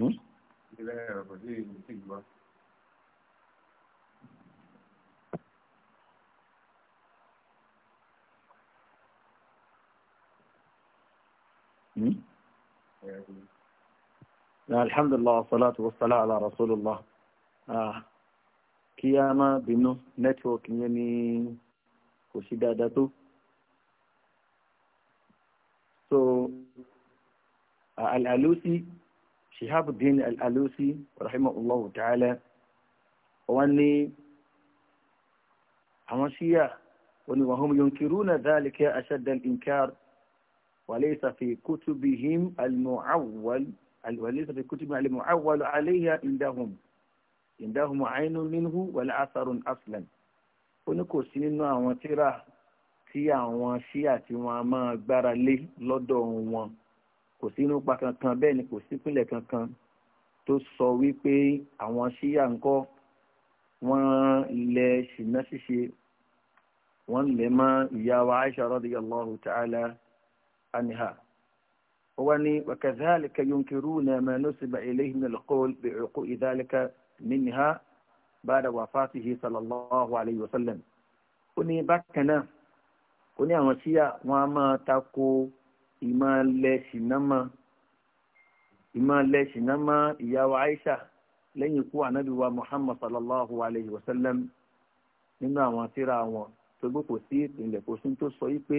إيه لا الحمد لله والصلاة والسلام على رسول الله كياما آه، بنو نتوك يعني كوشيدا داتو سو so, uh, الالوسي shihabuddin al-alusi rahimahullahu ta'ala wọ́n ní àwọn ṣíyà wọ́n ní wọ́n hum yunkiruna dhalika ashadda al-inkar وليس في كتبهم المعول وليس في كتبهم المعول عليها عندهم عندهم عين منه ولا أثر أصلا ó ní kò sí nínú àwọn tírà tí àwọn ṣíà tí wọ́n wọn kò sí inú pa kankan bẹ́ẹ̀ ni kò sípìnlẹ̀ kankan tó sọ wípé àwọn ṣíyà ńkọ́ wọ́n lẹ̀ ṣìnà ṣíṣe wọ́n lẹ̀ mọ́ ìyá wa Aisha radiyallahu ta'ala anha ó wá ní wa kadhalika yunkiruna ma nusiba ilayhi min al-qawl bi'uqu'i dhalika minha ba'da wafatihi sallallahu alayhi wa sallam ó ní bákan náà ó ní àwọn ṣíyà wọ́n á máa tako ìmọ̀lẹ́sìnámọ́ ìyàwó Aisha lẹ́yìn ikú ànábìwá Muhammad sallallahu alayhi wa sallam nínú àwọn tíra wọn tó gbé kò sí ìpìlẹ̀ kò sí tó sọ wípé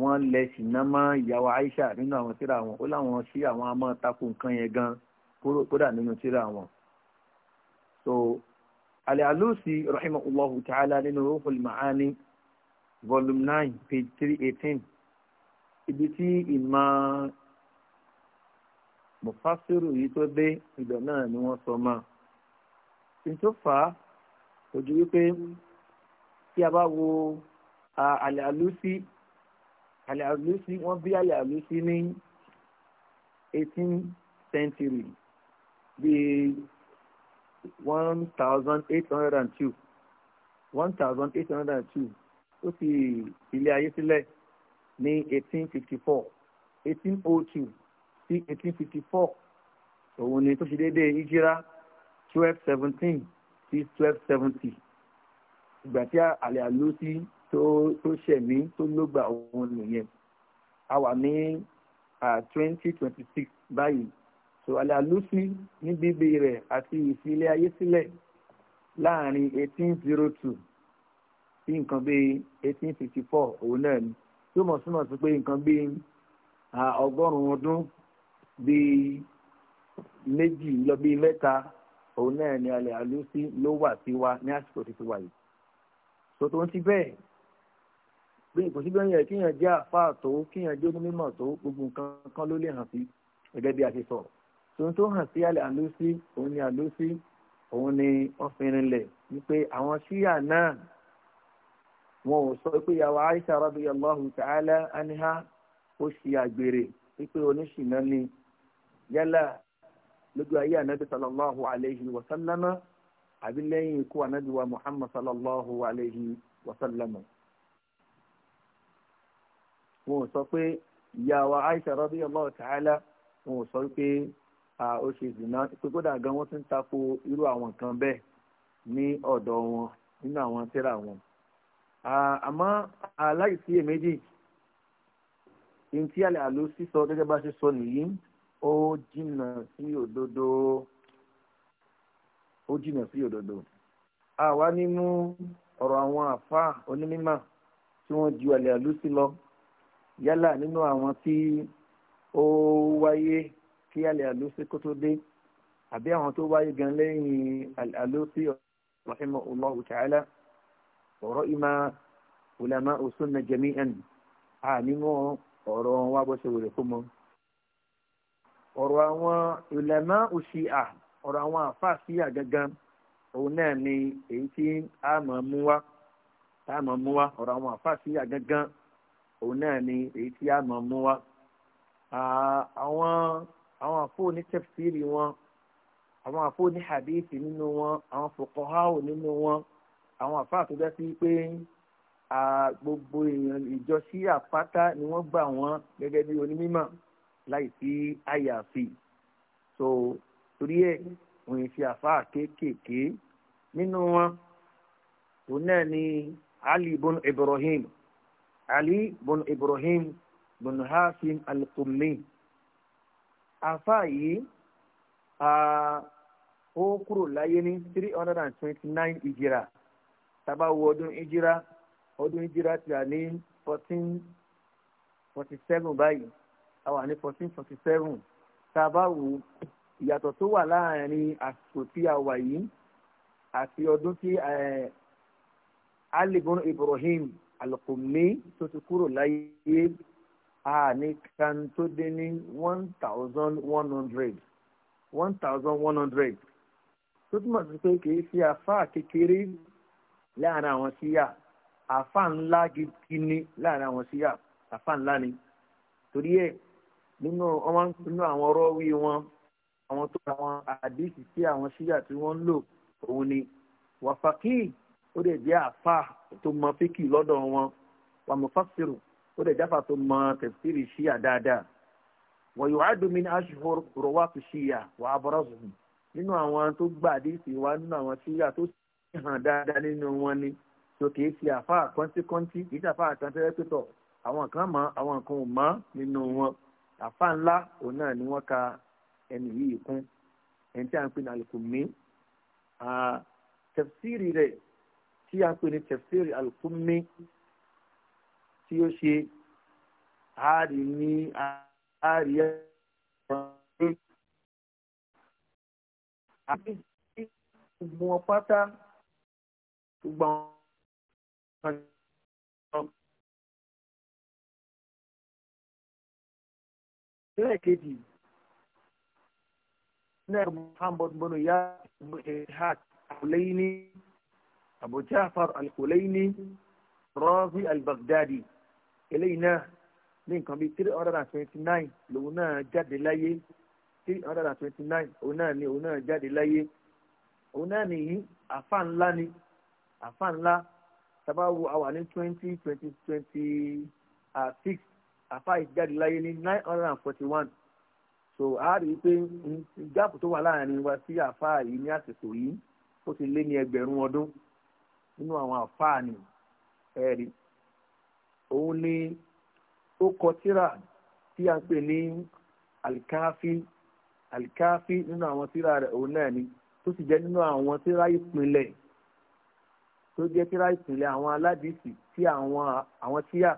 wọ́n lẹ́sìnámọ́ ìyàwó Aisha nínú àwọn tíra wọn ó láwọn sí àwọn amọ́ takò nǹkan yẹn gan kódà nínú tíra wọn. so Al-Alusi rahimahullahu ta'ala nínú Ruhul Ma'ani volume nine page three eighteen ibi tí ìmọ̀ mufasiru yìí tó dé ibẹ̀ náà ni wọ́n sọ mọ́ ìtòfà ojú wípé tí a bá wo àlẹ́ àlùsí àlẹ́ àlùsí wọ́n bí àlẹ́ àlùsí ní eighteen century bíi one thousand eight hundred and two one thousand eight hundred and two ó fi ilé ayé sílẹ̀. Si ní 1854 1802 sí 1854 òun ni tó ṣe déédéé ìjírá 1217 sí 1270 ìgbà tí àlẹ́ àlùsí tó tó ṣẹ̀mí tó lógbà òun nìyẹn a wà ní 2026 báyìí so àlẹ́ àlùsí ní bíbí rẹ̀ àti ìfilẹ̀ ayé sílẹ̀ láàrin 1802 sí nǹkan bíi 1854 òun náà ni tó mọ̀ súnmọ̀ sí pé nǹkan bíi ọgọ́rùn-ún ọdún bíi méjì lọ bíi mẹ́ta òun náà ni alẹ́ àlùsí ló wà sí wa ní àsìkò tí ti wà yìí sọtò ń ti bẹ́ẹ̀ bí kò síbi ẹ̀yìn ẹ̀ kíyàn jẹ́ àfáà tó kíyàn jẹ́ onímọ̀ tó gbogbo nǹkan kan ló lè hàn sí gẹ́gẹ́ bí a ti sọ̀rọ̀ tòun tó hàn sí alẹ́ àlùsí òun ni àlùsí òun ni ọ̀fìnrin lẹ̀ wípé àwọn ṣíyà náà wọn ò sọ pé yàwó Aisha radiyallahu ta'ala anha ó ṣe àgbèrè wípé oníṣìná ni yálà lójú ayé ànábì sallallahu alayhi wa sallama àbí lẹ́yìn ikú ànábì wa Muhammad sallallahu alayhi wa sallama. wọn ò sọ pé ìyàwó Aisha radiyallahu ta'ala wọn ò sọ pé ó ṣe zìnà pé kódà gan wọ́n ti ń tako irú àwọn nǹkan bẹ́ẹ̀ ní ọ̀dọ̀ wọn nínú àwọn tírà wọn àmọ́ aláìsí èméjì ntí àlẹ́ àlọ́ sísọ gẹ́gẹ́ bá ṣe sọ nìyí ó jìnnà sí òdodo ó jìnnà sí òdodo àwa ní mú ọ̀rọ̀ àwọn àfa onímọ̀ tí wọ́n ju àlẹ́ àlọ́ sí lọ yálà nínú àwọn tí ó wáyé kí àlẹ́ àlọ́ sí kó tó dé àbí àwọn tó wáyé gan lẹ́yìn àlọ́ sí rahimahullahu ta'ala ọ̀rọ̀ ìmọ̀ ulama usunna jami'an ànímọ̀ ọ̀rọ̀ wa bó ṣe wèrè fún mọ́ ọ̀rọ̀ àwọn ulama uṣíà ọ̀rọ̀ àwọn àfáàṣíà gangan òun náà ni èyí tí a máa mú wá tá a máa mú wá ọ̀rọ̀ àwọn àfáàṣíà gangan òun náà ni èyí tí a máa mú wá àwọn àwọn àfóòní tẹ̀fsíìrì wọn àwọn àfóòní hadithi nínú wọn àwọn fuqaha nínú wọn àwọn àfáà tó dá sí pé gbogbo èèyàn ìjọ sí àpáta ni wọ́n gbà wọ́n gẹ́gẹ́ bí onímọ̀ láì sí àyàfi so torí ẹ̀ òyìn fi àfáà kéékèèké nínú wọn òun náà ni ali ibn ibrahim ali ibn ibrahim ibn hasim al-qummi àfáà yìí ó kúrò láyé ní three hundred and twenty nine ìjìrà. Taba wo ọdún ìjírá ọdún ìjírá ti wà ní fourteen forty seven báyìí a wà ní fourteen forty seven Taba wo ìyàtọ̀ tó wà láàrin àsìkò tí a wà yìí àti ọdún tí Ali Ibrahim al-Qummi tó ti kúrò láyé a ní kan tó dé ní one thousand one hundred one thousand one hundred tó túmọ̀ sí pé kì í ṣe afá kékeré láàrin àwọn síyà àfa ńlá gidi ni láàrin àwọn síyà àfa ńlá ni torí ẹ nínú àwọn ọ̀rọ̀ wí wọn àwọn tó àwọn àdéhìí sí àwọn síyà tí wọ́n ń lò òun ni wàfàkì ó dẹ̀ jẹ́ àfa tó mọ fíkì lọ́dọ̀ wọn wàmùfàsirù ó dẹ̀ jáfa tó mọ tẹ̀síìrì síyà dáadáa wọ̀yọ̀wádùn mi ní aṣọ rọwà tó ṣíyà wà á bọ́rọ̀ zùn nínú àwọn tó gbà àdéhìí wa nínú àwọn síyà tó hàn dáadáa nínú wọn ni tó kìí ṣe àfa kọ́ńtíkọ́ńtí kìí ṣe àfa àkàntẹ́rẹ́ pẹ̀tọ̀ àwọn kan mọ̀ àwọn kan ò mọ̀ nínú wọn àfa ńlá òun náà ni wọ́n ka ẹni yìí kún ẹni tí a ń pè ní alukumi tẹfsiri rẹ̀ tí a ń pè ní tẹfsiri alukumi tí ó ṣe àárí ní àárí ẹ̀ àbí wọn pátá gbogbo àwọn lẹ́ẹ̀kejì náà muhammad bọ́nu ya buhat al-kulaini abu jafar al-kulaini razi al-baghdadi eléyìí náà ní nǹkan bíi three hundred and twenty nine lòun náà jáde láyé three hundred and twenty nine òun náà ni òun náà jáde láyé òun náà nìyí àfa ńlá ni àfa ńlá tàbá wo àwà ní twenty twenty twenty six àfa ìjáde láyé ní nine hundred and forty one so a rí i pé gáàpù tó wà láàrin wa sí àfa yìí ní àsìkò yìí ó ti lé ní ẹgbẹ̀rún ọdún nínú àwọn àfa ni ẹ̀rí òun ni ó kọ tírà tí a ń pè ní alikafi alikafi nínú àwọn tírà rẹ̀ òun náà ni tó sì jẹ́ nínú àwọn tírà ìpínlẹ̀ tó jẹ́ tíra ìpìlẹ̀ àwọn aládìsí tí àwọn àwọn tíyà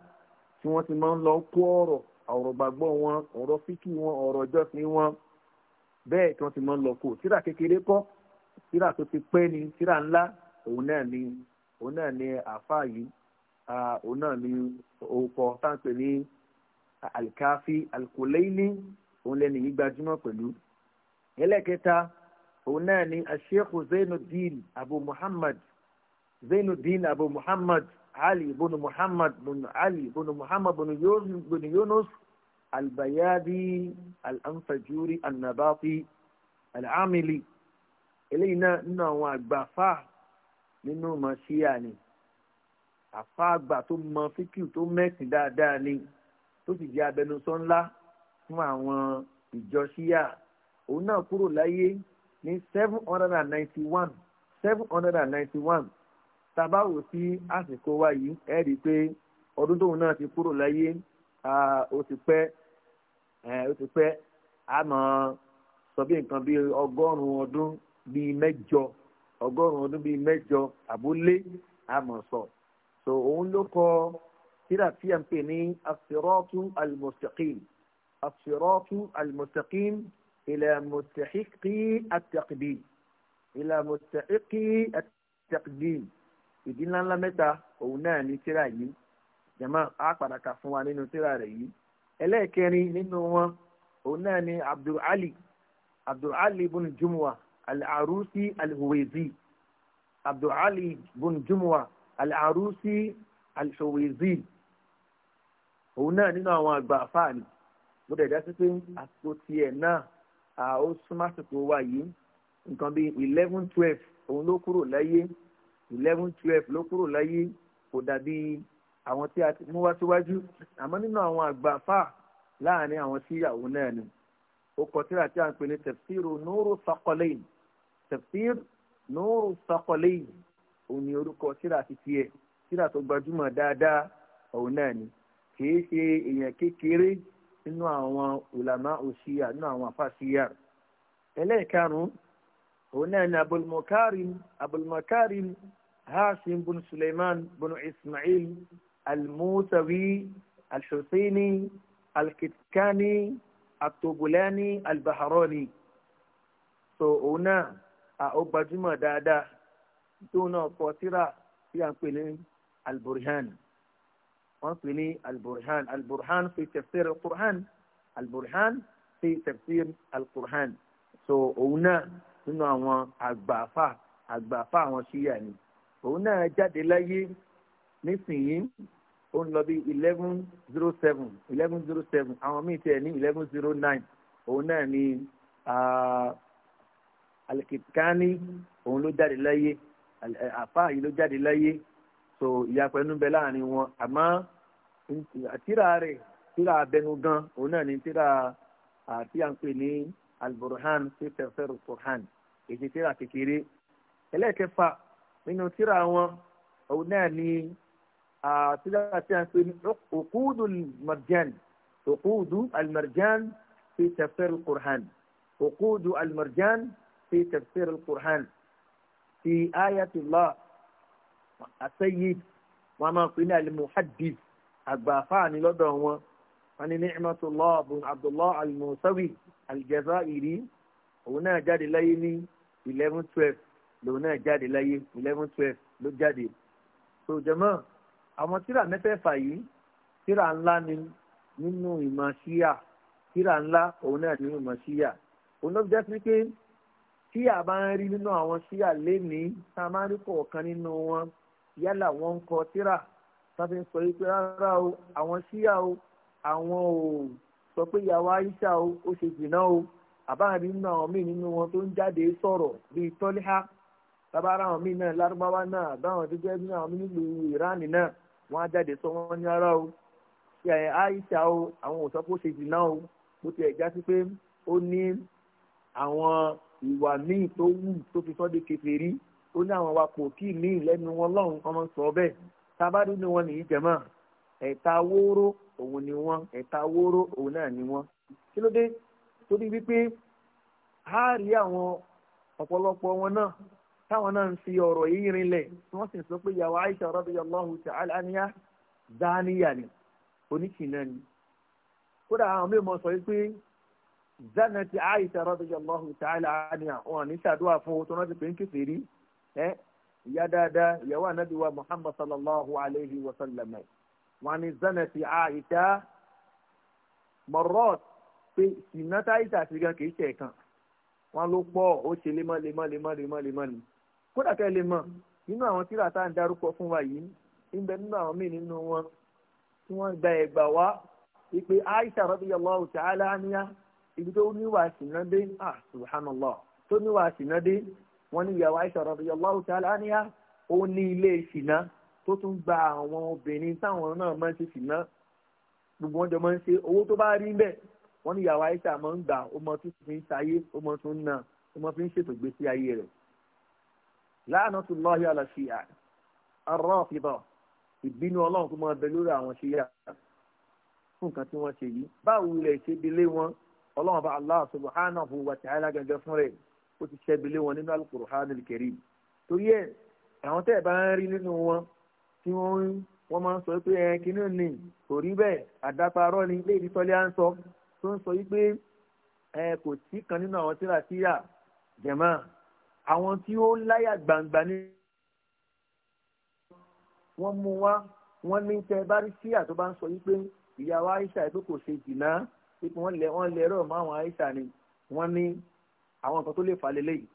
tí wọ́n ti máa ń lọ kó ọ̀rọ̀ ọ̀rọ̀ gbàgbọ́ wọn ọ̀rọ̀ fíkì wọn ọ̀rọ̀ ìjọsìn wọn bẹ́ẹ̀ tí wọ́n ti máa ń lọ kó tíra kékeré kọ́ tíra tó ti pẹ́ ni tíra ńlá òun náà ni òun náà ni àáfàá yìí òun náà ni orúkọ táǹpẹ̀ ní alikafi alikuleini òun lẹ́nu yìí gbajúmọ̀ pẹ̀lú ẹlẹ́kẹta òun náà ni asheikh zainuddin abu muhammad zainuddin abu muhammad ali ibn muhammad ibn ali ibn muhammad ibn yunus albayadi alanfajuri annabati alamili eléyìí náà nínú àwọn àgbàfà nínú mọ̀ṣíà ni àfà àgbà tó mọ fíkìú tó mẹ́sìn dáadáa ni tó sì jẹ́ abẹnusọ ńlá fún àwọn ìjọ ṣíà òun náà kúrò láyé ní seven hundred and ninety one seven hundred and ninety one tàbá wò sí àsìkò wa yìí ẹ rí i pé ọdún tóun náà ti kúrò láyé ó ti pẹ́ ó ti pẹ́ àmọ́ sọ bí nǹkan bíi ọgọ́rùn-ún ọdún bíi mẹ́jọ ọgọ́rùn-ún ọdún bíi mẹ́jọ àbúlé àmọ́ sọ so òun ló kọ tírà tí a ń pè ní asirọ́tù almustaqim asirọ́tù almustaqim ila mustahiqi at-taqdim ìdí ńláńlá mẹ́ta òun náà ní tíra yìí jama á padà fún wa nínú tíra rẹ̀ yìí ẹlẹ́ẹ̀kẹrin nínú wọn òun náà ní Abdul Ali Abdul Ali ibn Jumuwa al-Arusi al-Huwezi Abdul Ali ibn Jumuwa al-Arusi al-Huwezi òun náà nínú àwọn àgbà àfáàní mo dẹ̀ dá sí pé àsìkò tiẹ̀ náà a ó súnmọ́ àsìkò wa yìí nǹkan bíi eleven twelve òun ló kúrò láyé eleven twelve ló kúrò láyé kò dàbí àwọn tí a ti mú wá síwájú àmọ́ nínú àwọn àgbà fà láàrin àwọn tí ìyàwó náà ni ó kọ tírà tí a ń pè ní tafsiru nuru saqalayn tafsir nuru saqalayn òun ni orúkọ tírà ti tiẹ̀ tírà tó gbajúmọ̀ dáadáa òun náà ni kìí ṣe èèyàn kékeré nínú àwọn ulama òṣìyà nínú àwọn afáṣíyà ẹlẹ́ẹ̀karùn-ún òun náà ni abul makarim هاشم بن سليمان بن إسماعيل الموسوي الحسيني الكتكاني الطبولاني البحراني so òun náà ó gbajúmọ̀ dáadáa tóun náà kọ síra tí a ń pè ní alburhan wọ́n pè ní alburhan alburhan fi tafsir alquran alburhan fi tafsir alquran so òun náà nínú àwọn àgbààfà àgbààfà àwọn ṣíyà ni òun náà jáde láyé nísìnyí ó ń lọ bí eleven zero seven eleven zero seven àwọn míì tiẹ̀ ní eleven zero nine òun náà ni alikikani òun ló jáde láyé àfa yìí ló jáde láyé so ìyapẹ̀ ń bẹ láàrin wọn àmọ́ àtìrà rẹ̀ tíra abẹnu gan òun náà ni tíra àti à alburhan pè ní alburhan fi tafsir alquran èyí tíra kékeré ẹlẹ́ẹ̀kẹfà nínú tíra wọn òun náà ni tíra tí a ń pè ní òkúdù almarjan òkúdù almarjan fi tafsir alqur'an òkúdù almarjan fi tafsir alqur'an fi ayatollah asayid wọn máa pè ní alimuhadith àgbàfáàní lọ́dọ̀ wọn wọn ni ni'matullah bin abdullah almusawi aljazairi òun náà jáde láyé ní eleven twelve lòun náà jáde láyé eleven twelve ló jáde so jẹmọ àwọn tíra mẹ́fẹ̀ẹ̀fà yìí tíra ńlá ni nínú ìmọ̀ síyà tíra ńlá òun náà nínú ìmọ̀ síyà òun ló jẹ́ pé tí a bá ń rí nínú àwọn síyà lénìí tá a máa ń rí kọ̀ọ̀kan nínú wọn yálà wọ́n ń kọ tíra tá a fi ń sọ yìí pé rárá o àwọn síyà o àwọn ò sọ pé ìyàwó Aisha o ó ṣe jìnnà o àbáàrí nínú àwọn míì nínú wọn tó ń jáde sọ̀rọ̀ bíi tọ́líhá tábàárà àwọn míì náà lárúbáwá náà àbáwọn tó jẹ́ nínú àwọn nílùú ìránì náà wọ́n á jáde sọ wọ́n ní ara o ṣe àyẹ̀ àìsà o àwọn ò sọ pé ó ṣe jìnnà o bó ti já sí pé ó ní àwọn ìwà míì tó wù tó fi sọ́dí kèfèrí ó ní àwọn wapò kí míì lẹ́nu wọn lọ́hùn ọmọ sọ bẹ́ẹ̀ tábàárà ni wọn nìyí e, jẹ̀mọ́ ẹ̀ta wóró òun ni wọ́n ẹ̀ta wóró òun náà ni wọ́n kí ló dé torí wípé a rí àwọn ọ̀pọ̀lọpọ̀ wọn náà táwọn náà ń fi ọ̀rọ̀ yìí rinlẹ̀ wọ́n sì sọ pé ìyàwó Aisha radiyallahu ta'ala anha zaniya ni oníkìnnà ni kódà àwọn mímọ sọ pé zanati Aisha radiyallahu ta'ala anha wọn ní sàdúrà fún owó tó náà ti pè ń kéfèé rí ẹ ìyá dáadáa ìyàwó anabi wa Muhammad sallallahu alayhi wa sallam wọn ní zanati Aisha mọ̀rọ́t pé sinata ti gan kì í ṣe kan wọn ló pọ̀ ó ṣe lemọ́ ni kódà kẹ́ lè mọ̀ nínú àwọn tíra tá à ń darúkọ fún wa yìí ń bẹ nínú àwọn míì nínú wọn tí wọ́n gba ẹ̀gbà wá wípé Aisha radiyallahu ta'ala anha ibi tó níwà sínà dé ah subhanallah tó níwà sínà dé wọ́n ní ìyàwó Aisha radiyallahu ta'ala anha ó ní ilé ìsìnà tó tún gba àwọn obìnrin táwọn náà máa ń ṣe sìnà gbogbo wọn jọ máa ń ṣe owó tó bá rí bẹ́ẹ̀ wọ́n ní ìyàwó Aisha máa ń gbà ó mọ tó fi ń ṣayé ó mọ tó ń nà ó mọ fi ń ṣètò gbèsè ayé rẹ̀ láàánú tó lọ́ọ́ yàrá sí à ọ̀rọ̀ ọ̀fìbọ̀ ìbínú ọlọ́run tó máa bẹ lórí àwọn ṣe yà fún nǹkan tí wọ́n ṣe yìí báwo lè ṣe délé wọn ọlọ́run bá Allah subhanahu wa ta'ala gẹ́gẹ́ fún rẹ̀ ó ti ṣe délé wọn nínú al-Qur'anul Karim torí ẹ̀ àwọn tẹ́ ẹ̀ bá ń rí nínú wọn tí wọ́n máa ń sọ pé ẹ̀ kínní ni kò rí bẹ́ẹ̀ àdáparọ́ ni ilé ìdítọ́lé à ń sọ tó ń sọ yí pé ẹ kò sí kan nínú àwọn tíra tíra jẹ̀máà àwọn tí ó láyà gbangba ní. wọ́n mú wá wọ́n ní tẹ́ bá rí sí àtọ́ bá ń sọ yí pé ìyá wa Aisha pé kò ṣe jìnnà pé wọ́n lẹ wọ́n lẹ rọ̀ mọ́ àwọn Aisha ni wọ́n ní àwọn nǹkan tó lè fà lélẹ́yìí.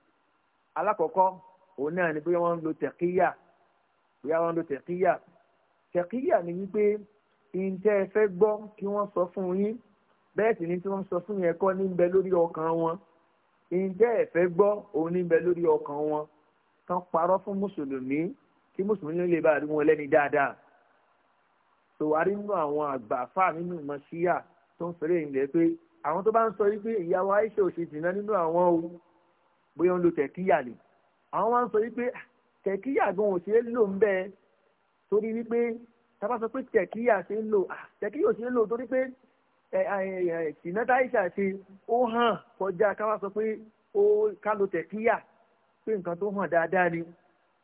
alákọ̀ọ́kọ́ òun náà ni bóyá wọ́n ń lo tẹ̀kíyà bóyá wọ́n ń lo tẹ̀kíyà tẹ̀kíyà ni wípé ìǹtẹ́ ẹ fẹ́ gbọ́ kí wọ́n sọ fún yín bẹ́ẹ̀ sì ni tí wọ́n sọ fún yẹn kọ́ ní bẹ lórí ọkàn wọn ǹjẹ́ ẹ̀fẹ́ gbọ́ òun ní bẹ lórí ọkàn wọn tán parọ́ fún mùsùlùmí kí mùsùlùmí lè bá rí wọn lẹ́ni dáadáa tòwárí nínú àwọn àgbà fáà nínú ìmọ̀ síyà tó ń fẹ́rẹ̀ ìlẹ̀ pé àwọn tó bá ń sọ wípé ìyàwó Aisha ò ṣe dìnnà nínú àwọn o bóyá ń lo tẹ̀kíyà ni àwọn wá ń sọ wípé ah, tẹ̀kíyà gan ò ṣe lò ń bẹ́ẹ̀ torí wípé tá sọ pé tẹ̀kíyà ṣe ń lò ah, tẹ̀kíyà ò ṣe é lò torí pé tìnátà ìṣà ti ó hàn kọjá káwá sọ pé ó kálo tẹ̀kíyà pé nǹkan tó hàn dáadáa ni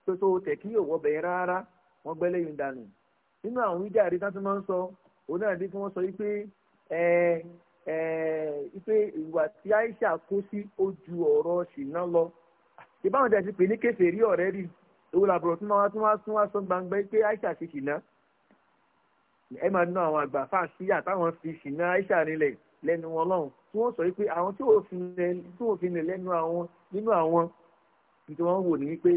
tó tó tẹ̀kíyà wọ bẹ̀yẹn rárá wọn gbẹ́ lẹ́yìn dànù nínú àwọn ìjà àrí tán tó máa ń sọ òun náà dé sọ wípé ẹ ìwà tí Aisha kó sí ó ju lọ ìbáwọn ti pè ní rí ewu làbúrò tí tún wá sún wá sọ ẹ máa ná àwọn àgbà fáà táwọn fi ṣìnà aisha nílẹ̀ lẹ́nu wọn lọ́hùn tí wọ́n sọ wípé àwọn tí wọ́n fi nì lẹ́nu àwọn nínú àwọn tí wọ́n wò ní wípé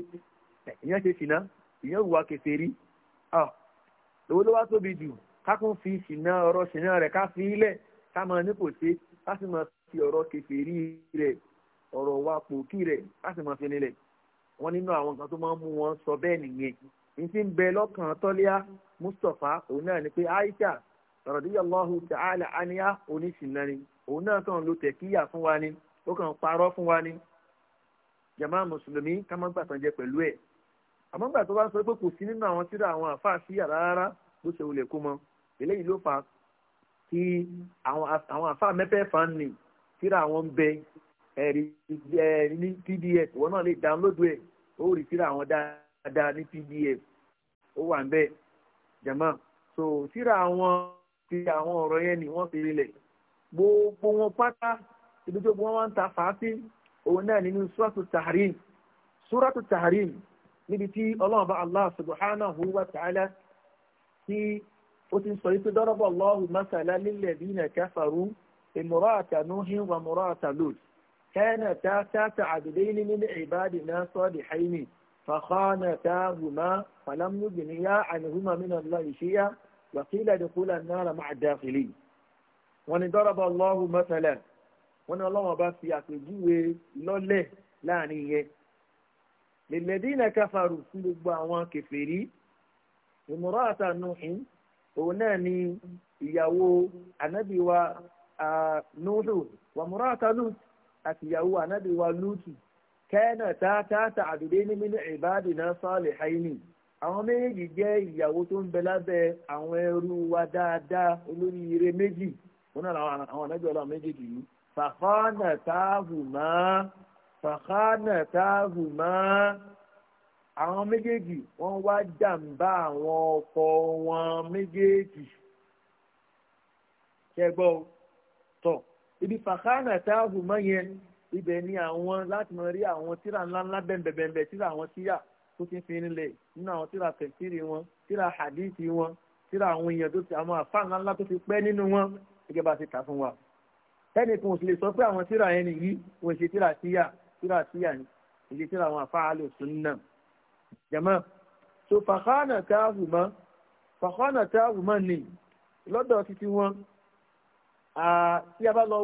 ìyẹn ṣe ṣìnà ìyẹn wùwà kèfèrí owó ló wá tóbi jù ká fi ṣìnà ọ̀rọ̀ ṣìnà rẹ̀ ká fi ilẹ̀ ká máa ní kò ṣe ká sì máa fi ọ̀rọ̀ kèfèrí rẹ̀ ọ̀rọ̀ wa pòkí rẹ̀ ká sì máa fi nílẹ̀ wọ́n nínú àwọn nǹkan tó máa ń mú wọn sọ bẹ́ẹ̀ nìyẹn n ti bẹ lọ́kàn tọ́líà mustapha òun náà ni pé aisha radiyallahu ta'ala anha oníṣìnàrin òun náà kàn ló tẹ̀kíyà fún wa ni ó kàn parọ́ fún ni jama mùsùlùmí ká má jẹ pẹ̀lú ẹ̀ àmọ́ tó bá ń sọ pé kò sí nínú àwọn tíra àwọn àfáà sí yàrá rárá bó ṣe wulẹ̀ kó mọ eléyìí ló fà kí àwọn àfáà dáadáa ní pdf ó wà ń bẹ́ẹ̀ jama so síra àwọn ti àwọn ọ̀rọ̀ yẹn ni wọ́n fi rilẹ̀ gbogbo wọn pátá ibi tó gbogbo wọn wá ń ta fàáfí òun náà nínú suratu tahrim suratu tahrim níbi tí ọlọ́run bá allah subhanahu wa ta'ala tí ó ti sọ yìí pé daraba Allahu masala lilladhina kafaru imra'ata nuhin wa imra'ata lut kanata tahta 'abdayni min 'ibadina salihayni. فخانتاهما فلم يغنيا عنهما من الله شيئا وقيل ادخلا النار مع الداخلين وان ضرب الله مثلا وان الله bá fi àpèjúwe lọ́lẹ̀ láàrin yẹn للذين كفروا fún gbogbo àwọn kèfèrí imra'ata nuhin òun náà ni ìyàwó ànábì wa nuhu wa imra'ata lut àti ìyàwó ànábì wa lutu kẹ́nà tátátà àdúdé ní mímú ìbádìíná sálíháínì àwọn méjèèjì jẹ́ ìyàwó tó ń bẹ lábẹ́ àwọn ẹrú wa dáadáa olóríire méjì wọn náà àwọn ànájọ́ ọlọ́run méjèèjì yìí fàkánà táàbùmá fàkánà táàbùmá àwọn méjèèjì wọ́n wá jàǹbá àwọn ọkọ wọn méjèèjì ṣẹgbọ́ tọ̀ ibi fàkánà táàbùmá yẹn ibẹ̀ ni àwọn láti mọ̀ rí àwọn tíra ńláńlá bẹ́ẹ̀nbẹ̀ẹ́nbẹ̀ tíra àwọn tíyà tó ti fi rinlẹ̀ nínú àwọn tíra tẹ̀síìrì wọn tíra hadithi wọn tíra àwọn èèyàn tó ti àwọn àfa ńláńlá tó ti pẹ́ nínú wọn gẹ́gẹ́ bá ti kà fún wa. ẹnì kan ò sì lè sọ pé àwọn tíra yẹn nìyí òun ṣe tíra tíyà tíra tíyà ni èyí tíra àwọn àfa àlò sunna. jama so fàkànà táàbù mọ́ fàkànà táàbù mọ́ ni lọ́dọ̀ títí wọn tí a bá lọ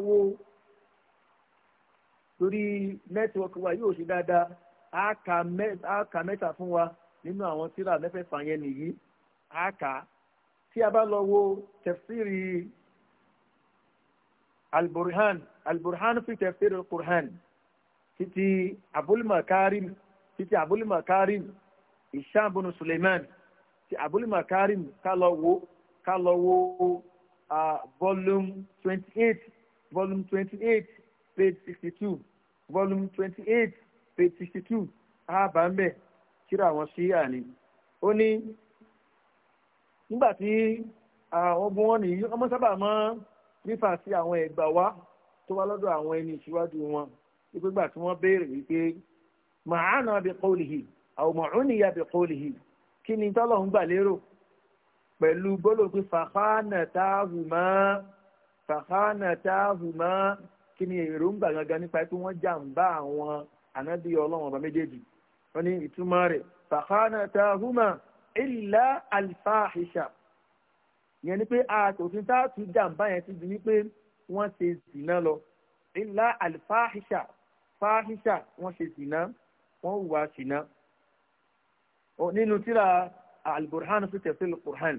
torí nẹ́tíwọ́kì wa yóò ṣe dáadáa a kà mẹ́ta fún wa nínú àwọn tíra mẹ́fẹ̀ẹ̀fà yẹn nìyí á kà á tí a bá lọ wo tẹ̀síìrì alburhan alburhan fi tẹ̀síìrì alquran títí abulmakarim títí abulmakarim ìṣàbùnú suleiman ti abulmakarim ká lọ wo ká lọ wo ah, volume twenty eight volume twenty eight page sixty two volume twenty eight page sixty two ààbà ń bẹ̀ kíra àwọn ṣíà ni ó ní nígbà tí àwọn ogun wọn nìyí ọmọ sábà máa nífà sí àwọn ẹgbà wa tó wá lọ́dọ̀ àwọn ẹni ìṣíwájú wọn wípé gbà tí wọ́n béèrè wípé màánà bí kọ́ọ̀lìhì àwọn mọ̀ọ́nìyà bí kọ́ọ̀lìhì kí ni tọ́lọ̀ ń gbà lérò pẹ̀lú gbólóògbé fàkánà táàbù mọ́ fàkánà táàbù mọ́ kí ni èròǹgbà gangan nípa pé wọ́n jàǹbá àwọn ànábì ọlọ́run ọba méjèèjì wọ́n ní ìtumọ̀ rẹ̀ fàkánà tahuma illa alfahisha yẹn ni pé àtòfin tá a tún jàǹbá yẹn ti di wípé wọ́n ṣe zìnà lọ illa alfahisha fahisha wọ́n ṣe zìnà wọ́n hùwà ṣìnà nínú tíra alburhan fi tafsir alquran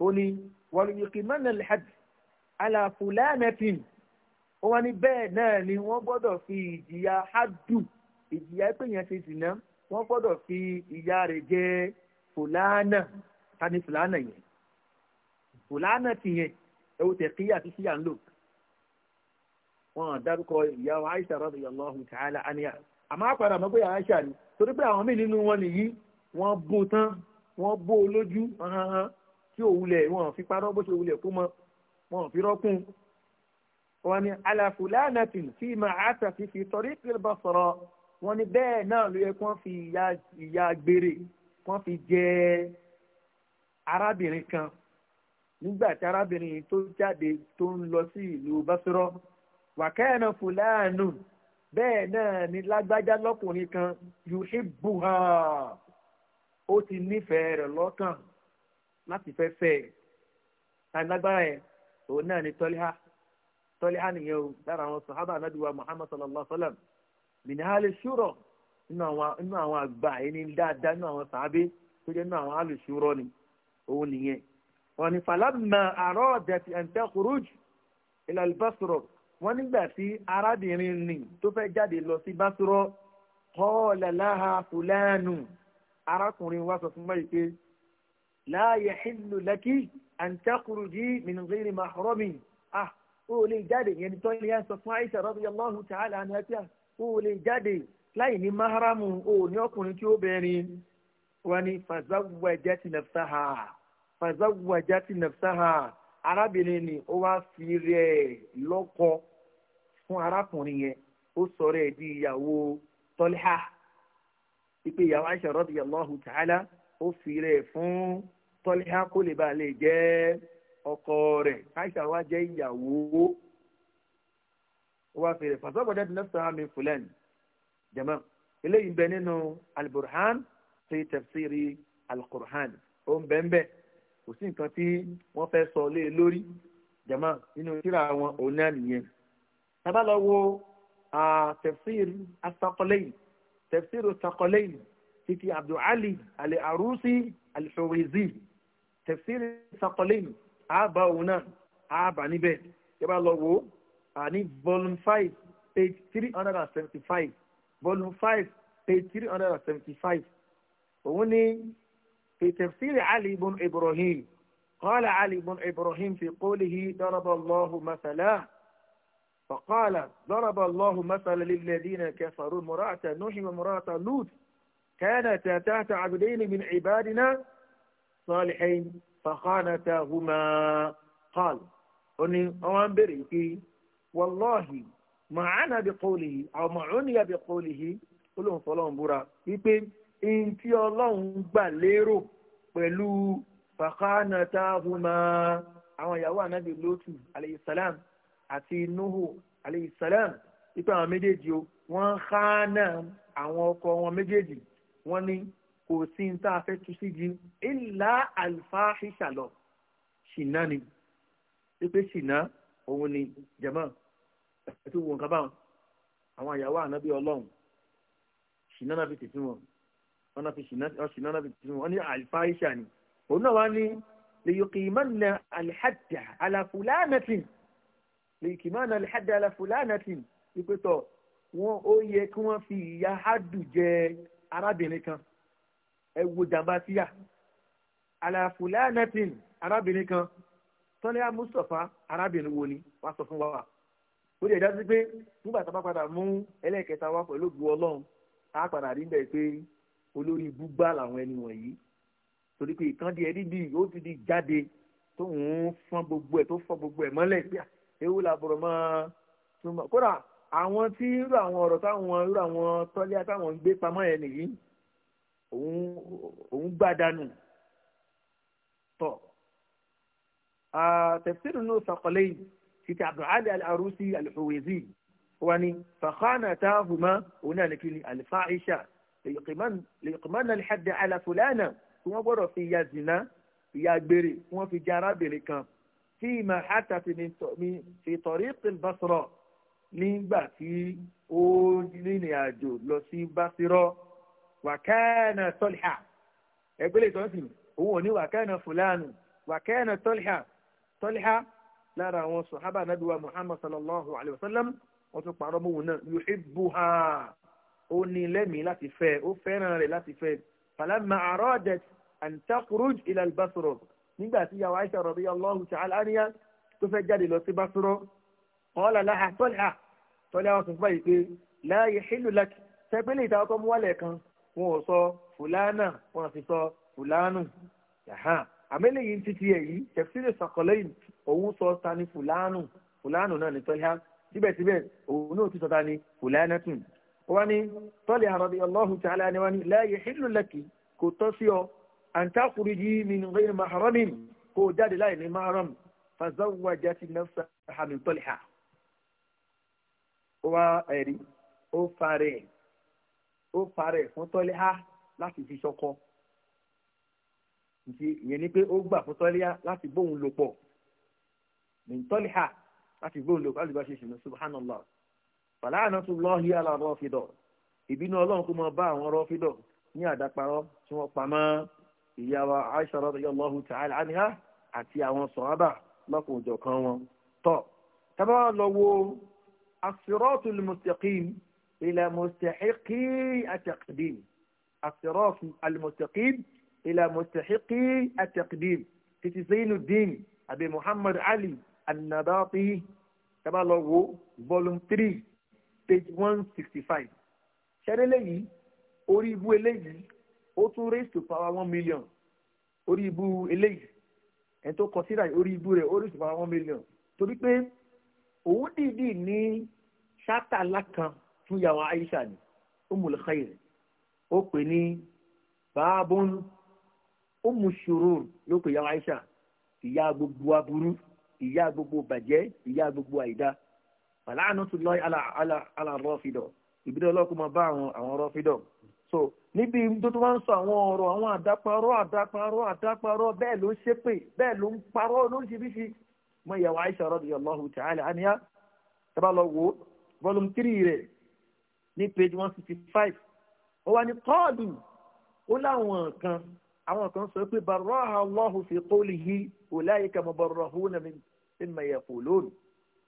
ó ní wàlúùkì mọ́nà alhajj ala fulanatin wọ́n ní bẹ́ẹ̀ náà ni wọ́n gbọ́dọ̀ fi ìjìyà hádù ìjìyà pé yẹn ti dìná wọ́n gbọ́dọ̀ fi ìyà rẹ̀ jẹ fòlánà tani fòlánà yẹn fòlánà ti yẹn ẹwọ tẹ kíyà tí kíyà ń lò wọn dárúkọ ìyá wa Aisha radiyallahu ta'ala anha àmọ́ àpàdà mọ́ pé Aisha ni torí pé àwọn míì nínú wọn nìyí wọ́n bó tán wọ́n bó lójú tí òwúlẹ̀ wọn fi parọ́ bó ṣe òwúlẹ̀ kó mọ wọn fi rọ́kùn wọ́n ní alafulanatin fi ma ata fi fi torí ìpìlẹ̀bọ̀ sọ̀rọ̀ wọ́n ní bẹ́ẹ̀ náà ló yẹ kí wọ́n fi ìyà gbére wọ́n fi jẹ arábìnrin kan nígbà tí arábìnrin yìí tó jáde tó ń lọ sí ìlú basirọ wàkẹ́ẹ̀nà fúlàánù bẹ́ẹ̀ náà ni lágbájá lọ́kùnrin kan yuhibbuha ó ti nífẹ̀ẹ́ rẹ̀ lọ́kàn láti fẹ́ fẹ́ ẹ̀ lágbára ẹ̀ òun náà ni tọ́líhà tọ́lé hànìyàn o lára àwọn sàhábà anábìwá muhammad sallallahu alayhi wa sallam minihali ṣúrọ̀ nínú àwọn àgbà ẹni dáadáa nínú àwọn sàábé tó jẹ́ nínú àwọn alùṣúrọ̀ ni òun nìyẹn. wọ́n ní falama àárọ̀ dẹ̀tí ẹ̀ǹtẹ́ kuruj ilal basro wọ́n nígbà tí arábìnrin ni tó fẹ́ jáde lọ sí basro qala laha fulanu arákùnrin wa sọ fún báyìí pé la yahillu laki an takhruji min ghairi mahrami ah o ò lè jáde yẹn ní tọ́lẹ̀ yẹn sọ fún Aisha radiyallahu ta'ala anha o ò lè jáde láì ní maharamu o ò ní ọkùnrin tí ó bẹ̀rin wọn ni fazawwajati nafsaha fazawwajati nafsaha arábìnrin ni ó wá fi rẹ̀ lọ́kọ fún arákùnrin yẹn ó sọ̀rọ̀ ẹ̀ di ìyàwó tọ́lẹ́hà ipe ìyàwó Aisha radiyallahu ta'ala ó fi rẹ̀ fún tọ́lẹ́hà kó lè ba lè jẹ́ ọkọ rẹ̀ aisha wa jẹ́ ìyàwó ó wá fèrè fàṣọ́gbọ̀dẹ́ ti nẹ́sàn án mi fúlẹ́n jẹ̀mọ́ eléyìí bẹ nínú alburhan fi tafsiri alqur'an ó ń bẹ́ẹ̀ bẹ́ẹ̀ kò sí nǹkan tí wọ́n fẹ́ sọ lé e lórí jẹ̀mọ́ nínú tírà wọn òun náà nìyẹn tábà lọ asakọlẹ́yìn tafsir asakọlẹ́yìn títí abdul ali arusi alfawizi tafsir asakọlẹ́yìn àbá òun náà àbá níbẹ̀ yẹba lọ wò ó ní volume five page three hundred and seventy five volume five page three hundred and seventy five òun ní في تفسير علي بن إبراهيم قال علي بن إبراهيم في قوله ضرب الله مثلا فقال ضرب الله مثلا للذين كفروا مرأة نوح ومرأة لوط كانتا تحت عبدين من عبادنا صالحين fakhanatahuma qal ó ní wọ́n wá ń béèrè pé wàláhì màánà bí qawlihi àwọn màánà bí qawlihi olóhùn fọlọ́hùn búra wípé ntí ọlọ́hùn gbà lérò pẹ̀lú fakhanatahuma àwọn ìyàwó ànábì lótù aleyhisalaam àti nuhu aleyhisalaam ipa àwọn méjèèjì o wọ́n ń àwọn ọkọ wọn méjèèjì wọ́n ní kò sí ní tá a fẹ́ tu sí ju ìlà àlùfáàṣìṣà lọ ṣìnà ni wípé ṣìnà òun ni jẹ̀mọ́ ẹ̀tún wo nǹkan báwọn àwọn àyàwó ànábì ọlọ́run ṣìnà náà fi tètè wọn wọn náà fi ṣìnà náà fi tètè wọn wọn ní àlùfáàṣìṣà ni òun náà wá ní lèyìnkìmánà àlìhàdà àlàfùlánàtìn lèyìnkìmánà àlìhàdà àlàfùlánàtìn wípé tọ̀ wọn ó yẹ kí wọ́n fi ìyá hádù jẹ arábìnrin kan ẹ wo jàmbá síyà àlàfùlà nẹtìn arábìnrin kan tọ́lẹ́yà mustapha arábìnrin wo ni wàá sọ fún wa ó lè dá sí pé nígbà tá a bá padà mú ẹlẹ́ẹ̀kẹta wá pẹ̀lú ògbó ọlọ́run á padà rí bẹ́ẹ̀ pé olórí búgbà làwọn ẹni wọ̀nyí torí pé ìkànnì ẹni bí ó ti di jáde tó ń fọ́n gbogbo ẹ̀ tó fọ́n gbogbo ẹ̀ mọ́lẹ̀ pé ewu làbọ̀rọ̀ mọ́ túmọ̀ kódà àwọn tí irú àwọn ọ̀rọ̀ táwọn irú àwọn tọ́lẹ́yà táwọn ń gbé pamọ́ yẹn nìyí òun òun gbàdánù tọ tafsiru nù saqalayn títí abdulhadi al-arusi al-huwazi wọn ni fàkànà táhùmá òun náà nìkí ni al-fahisha lèyìnkìmánà lèhàdà àlàfùlánà tí wọn gbọ́dọ̀ fi ya zina ìyá gbére tí wọn fi jẹ arábìnrin kan tí ìmọ̀ àtàtì ní fi tariqil Basra nígbà tí ó ní àjò lọ sí Basra wàkánà tọ́lìhà ẹgbẹ́lẹ̀ ìtọ́sìn òun ò ní wàkánà fúlànù wàkánà tọ́lìhà tọ́lìhà lára àwọn sọ̀hábà nàbíwá muhammad sallallahu alayhi wa sallam wọ́n tún parọ́ mọ́wọ́n náà yuhibbuha ó ní lẹ́mìí láti fẹ́ ó fẹ́ràn rẹ̀ láti fẹ́ falamma aradat an takhruj ila al-basra nígbà tí yàwó aisha radiyallahu ta'ala anha tó fẹ́ jáde lọ sí basra qala laha tọ́lìhà tọ́lìhà wọn sọ fún báyìí pé la yahillu lak tẹ́pẹ́lẹ́ ìtàkọ́ mú wálẹ̀ kan wọn ò sọ fúlánà wọn sì sọ fúlánù àmẹ́lẹ̀ yìí títí ẹ̀ yìí tẹ̀sílẹ̀ sọ̀kọ̀lẹ́yìn òun sọ ta ni fúlánù fúlánù náà ní tọ́lá síbẹ̀síbẹ̀ òun náà ti sọ ta ni fúlánàtù wọn ni tọ́lẹ̀ àròdì ọlọ́hùn tí alẹ́ ni wọn ni láàyè hílù lẹ́kì kò tọ́ sí ọ àǹtàkùrù yìí mi nìyẹn maharami kò jáde láì ní maharam fàzáwájà ti náfà hàmì tọ́lẹ̀ ó wá ẹ̀rí ó fara ẹ̀ ó parẹ́ fún tọ́lẹ́há láti fi ṣọkọ ìyẹn ni pé ó gbà fún tọ́lẹ́há láti bóun lò pọ̀ mìtọ́lẹ́há láti bóun lò pọ̀ láti bá ṣe ṣìnà subhanallah fàlà ànátúlọ́hì alárọ́fídọ̀ ìbínú ọlọ́run kó máa bá àwọn rọ́fídọ̀ ní àdáparọ́ tí wọ́n pa mọ́ ìyá wa Aisha radiyallahu ta'ala anha àti àwọn sọ̀hábà lọ́kùnjọ̀kan wọn tọ́ tábà lọ wo as-siratul mustaqim إلى مستحقي التقديم الصراط المستقيم إلى مستحقي التقديم تتزين الدين أبي محمد علي النباطي كما لو فولوم 3 page 165 ṣẹ́rí eléyìí orí ibú eléyìí ó tún raise to power one million orí ibú eléyìí ẹni tó consider orí ibú rẹ̀ ó raise to power one million torí pé òun dìídì ní ṣáàtà lákan fún yàwọn Aisha ni Ummul Khair ó pè ní báàbùn Ummu Shurur ló pè yàwọn Aisha ìyá gbogbo aburú ìyá gbogbo bàjẹ́ ìyá gbogbo àìdá fàlànà tó lọ́ọ́ àlà rọ́fìdọ̀ ìbílẹ̀ ọlọ́kùn máa bá àwọn àwọn rọ́fìdọ̀ so níbi tó tó máa ń sọ àwọn ọ̀rọ̀ àwọn àdáparọ́ àdáparọ́ àdáparọ́ bẹ́ẹ̀ ló ń ṣépè bẹ́ẹ̀ ló ń parọ́ lóríṣiríṣi mọ ìyàwó Aisha radiyallahu ta'ala anha tábà lọ wò volume three rẹ̀ ní page one sixty five ó wá ní kọ́ọ̀lù ó láwọn kan àwọn kan sọ pé baraha Allahu fi qawlihi ulaika mubarrahuna mimma yaqulun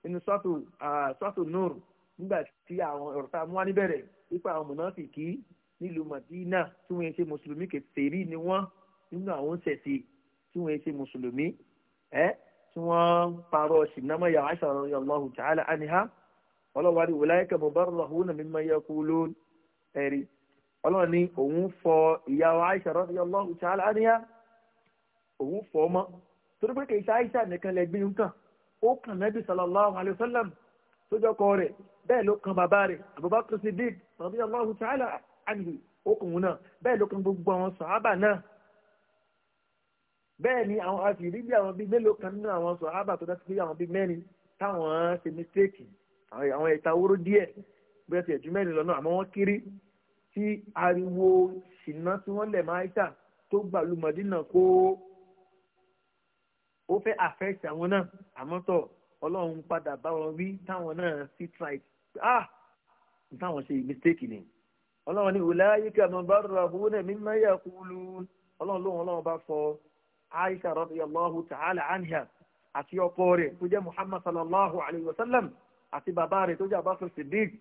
inú sọ́tò nùr nígbà tí àwọn ọ̀rọ̀ tá a mú wá níbẹ̀rẹ̀ wípé àwọn mùnáfìkì nílùú Madina tí wọ́n ṣe mùsùlùmí kèfèrí ni wọ́n nínú àwọn ṣẹ̀ṣẹ̀ tí wọ́n ṣe mùsùlùmí ẹ́ tí wọ́n parọ́ ṣìnàmọ́ yàrá ṣàrọ̀ yàrá Allahu ta'ala ọlọ́wà ní wòláyíkà mubarrahuna mimma yaqulun ẹ̀rí ọlọ́run ní òun fọ ìyàwó Aisha radiyallahu ta'ala anha òun fọ ọmọ torí pé kìí ṣe Aisha nìkan lẹ́gbẹ́ yín kan ó kàn Nabi sallallahu alayhi wa sallam tó jọ kọ rẹ̀ bẹ́ẹ̀ ló kan bàbá rẹ̀ Abubakar Siddiq radiyallahu ta'ala anhu okùn náà bẹ́ẹ̀ ló kan gbogbo àwọn sàhábà náà bẹ́ẹ̀ ni àwọn àfìrí bí àwọn bíi mélòó kan nínú àwọn sàhábà tó dá sí pé àwọn bíi mẹ́rin táwọn ṣe mistake àwọn ẹ̀ta wóró díẹ̀ bẹ́ẹ̀ tiẹ̀ ju mẹ́rin lọ náà àmọ́ wọ́n kiri tí ariwo ṣìnà tí wọ́n lẹ̀ máa ṣà tó gbàlú mọ̀dínà kó ó fẹ́ àfẹ́sì àwọn náà àmọ́ tọ̀ ọlọ́run padà bá wọn wí táwọn náà sí tribe ah táwọn ṣe mistake ni ọlọ́run ní ìwòlẹ́ ayíkà mọ̀ bá rọra owó náà mi máa yà kúlù ọlọ́run lóhun ọlọ́run bá fọ aisha radiyallahu ta'ala anha àti ọkọ rẹ̀ tó jẹ́ muhammad sallallahu alayhi wa sallam àti bàbá rẹ̀ tó jẹ́ àbáfẹ́ sèdíìkì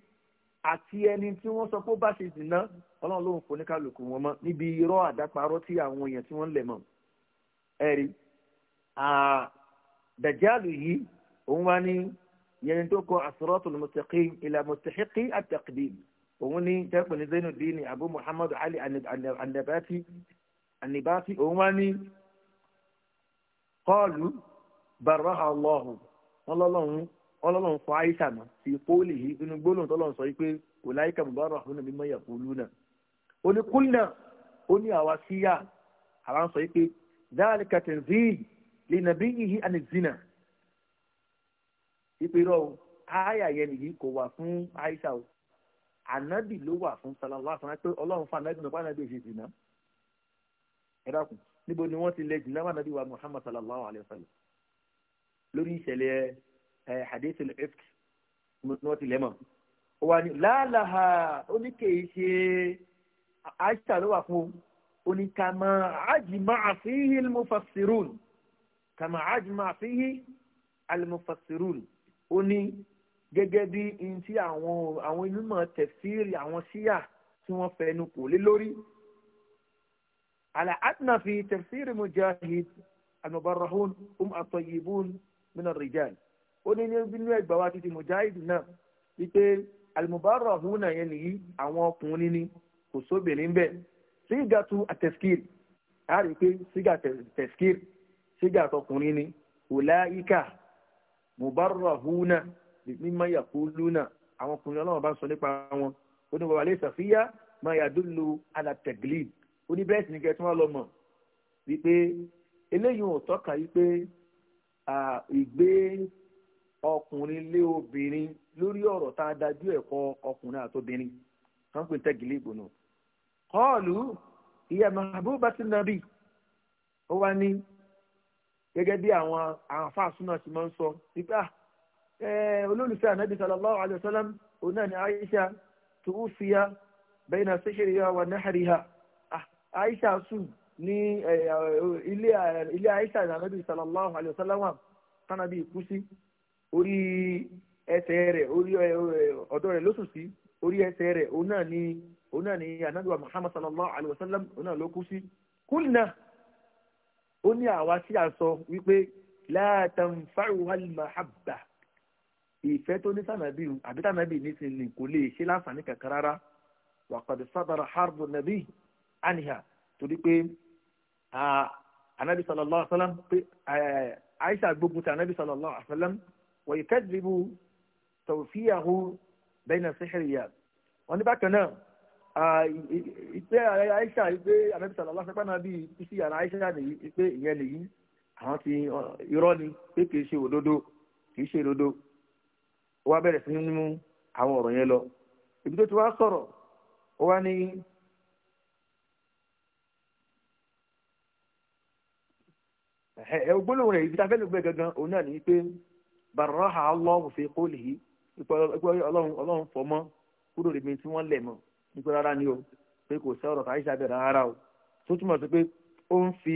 àti ẹni tí wọ́n sọ pé ó bá ṣe dìná ọlọ́run lòun kò ní kálukú wọn mọ́ níbi irọ́ àdáparọ́ tí àwọn èèyàn tí wọ́n ń lẹ̀ mọ́ ẹ̀rí dàjálù yìí òun wá ní yẹn tó kọ as-siratul mustaqim ila mustahiqi òun ní tẹ́pọ̀ ní Zainuddin Abu Muhammad Ali anibati òun wá ní qalu barraha Allahu ọlọ́run sọ aisha mọ́ sí kóòlì yìí inú gbólóhùn tọ́lọ́run sọ yìí pé kò láyé kàmùbá ọ̀rọ̀ àwọn ọ̀nà mímọ́ ìyàpọ̀ olú náà ó ní kúlnà ó ní àwa síyà àwa ń sọ yìí pé dáàlì kàtẹ́ǹzìl lè nàbí yìí àni zina ìpè rọ àyà yẹn nìyí kò wà fún aisha o ànábì ló wà fún sallallahu alaihi pé ọlọ́run fún ànábì náà fún ànábì èsì níbo ni wọ́n ti lẹ jìnnà wà nàbí wa muhammad sallallahu alaihi wasallam lórí ìṣẹ̀lẹ̀ حديث al من ní wọ́n ti lẹ́ mọ̀ ó wà ní láàlàhà ó ní كما عجمع فيه المفسرون wà fún ó ní kàmá àjìmá àfihì al-mufassirun kàmá àjìmá àfihì al-mufassirun ó ní gẹ́gẹ́ bí n tí àwọn kò lé lórí. àlà àtúnà fi mujahid al um at-tayyibun rijal ó ní nínú ẹgbà wa títí mujahid náà wípé alimubarra huna yẹn nìyí àwọn ọkùnrin ni kò sóbìnrin bẹ́ẹ̀ sígà tu àtẹ̀skìr á rí i pé sígà tẹ̀skìr sígà tọkùnrin ni ulaika mubarra huna mímọ yaquluna àwọn ọkùnrin ọlọ́run bá ń sọ nípa wọn ó ní wàhálà ìsàfíyà máa yàdúlù alàtẹ̀glì ó ní bẹ́ẹ̀ sì ní kẹ́ tí wọ́n lọ mọ̀ wípé eléyìí ò tọ́ka wípé ìgbé ọkùnrin lé obìnrin lórí ọ̀rọ̀ tá a dájú ẹ̀kọ́ ọkùnrin àtobìnrin kan pè tẹ́gìlì ìgbónà. kọ́ọ̀lù ìyá mahabuba ti nàbì ó wá ní gẹ́gẹ́ bí àwọn àǹfààní súnà ti máa ń sọ ah, alayhi òun náà ni aisha tó ń fi ya bayna sihriha wa ha ah, aisha sùn ní ilé aisha ànábì alayhi wa sallam sí. orí ẹsẹ̀ rẹ̀ orí ọ̀dọ́ rẹ̀ ló sùn sí orí ẹsẹ̀ rẹ̀ òun náà ni òun náà ni anabiwa muhammad sallallahu alayhi wa sallam òun náà ló kú sí kúlìnà ó ní àwa tí a sọ wípé látàǹfàrúhàlì mahabba ìfẹ́ tó ní sànàbí àbí sànàbí ní ti ní kò lè ṣe láǹfààní kankan rárá wàkàdé sábàrà harbu nàbí àníhà torí pé anabi sallallahu alayhi wa sallam pé aisha gbógun ti anabi sallallahu alayhi wa sallam wọ̀yíkẹ́dìbò tọ̀fíyàwó bẹ́ẹ̀nà sẹ́hẹ̀rìyà wọ́n ní bákan náà ìpè Aisha ìpè anabi sallallahu alaihi wasallam bíi isi yàrá Aisha nìyí ìpè ìyẹn nìyí àwọn ti uh, irọ́ ni pé kìí ṣe òdodo kìí ṣe òdodo ó wá bẹ̀rẹ̀ sí ní mú àwọn ọ̀rọ̀ yẹn lọ ibi tó ti wá sọ̀rọ̀ ó wá ní. ẹ gbólóhùn rẹ̀ ibi tá a fẹ́ lè gbẹ gangan òun náà nìyí pé bàrọ́hà ọlọ́run fi kó lè ipò ọlọ́run fọmọ́ kúrò rèmi tí wọ́n lẹ̀ mọ́ nípa rárá ni o pé kò sẹ́ ọ̀rọ̀ káyíṣà bẹ̀rẹ̀ rárá o tó túmọ̀ sí pé ó ń fi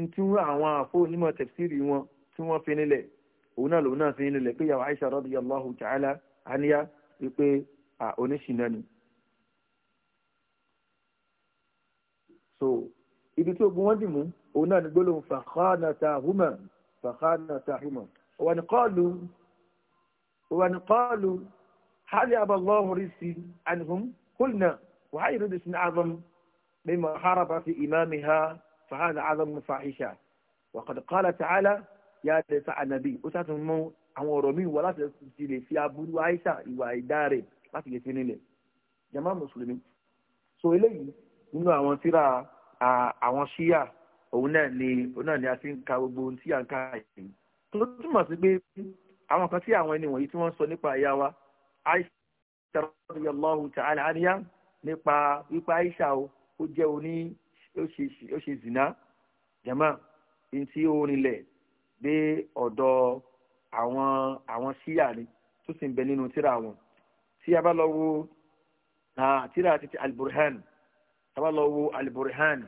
ntí àwọn àfọ onímọ̀ tẹ̀síìrì wọn tí wọ́n fi nílẹ̀ òun náà lòun náà fi nílẹ̀ pé yàwó àyíṣà radiyallahu ta'ala àníyá wípé oníṣìnà ni. so ibi tí ogun wọn dì mú òun náà ní gbólóhùn fàkánà tàhùmà fàkánà tàhùmà wọ́n kọ́ọ̀lù wọ́n kọ́ọ̀lù hali abalọ́hu risi anhum kulna wàhálì rúdi sin azam mímọ haraba fi imaami ha fahana azam fahisha wàkàdì kọ́ọ̀lá tàcálà yáa tẹ̀sán ànàbí ó sá tún mú àwọn ọ̀rọ̀ míì wọ́n láti ti lè fi aburú àìsà ìwà ìdáre láti lè fi nílẹ̀ jama mùsùlùmí so eléyìí nínú àwọn tíra àwọn ṣíyà òun náà ni òun náà ni a ti ń ka gbogbo ohun tí à ń ka yìí tó túmọ̀ sí pé àwọn kan tí àwọn ẹni wọ̀nyí tí wọ́n sọ nípa ìyá wa aisha radiyallahu ta'ala anha nípa wípé aisha o ó jẹ́ oní ó ṣe zina jama ní tí ó rinlẹ̀ dé ọ̀dọ̀ àwọn àwọn ṣíyà ni tó sì ń bẹ nínú tíra wọn tí a bá lọ wo tíra títí al-burhan tá a bá lọ wo al-burhan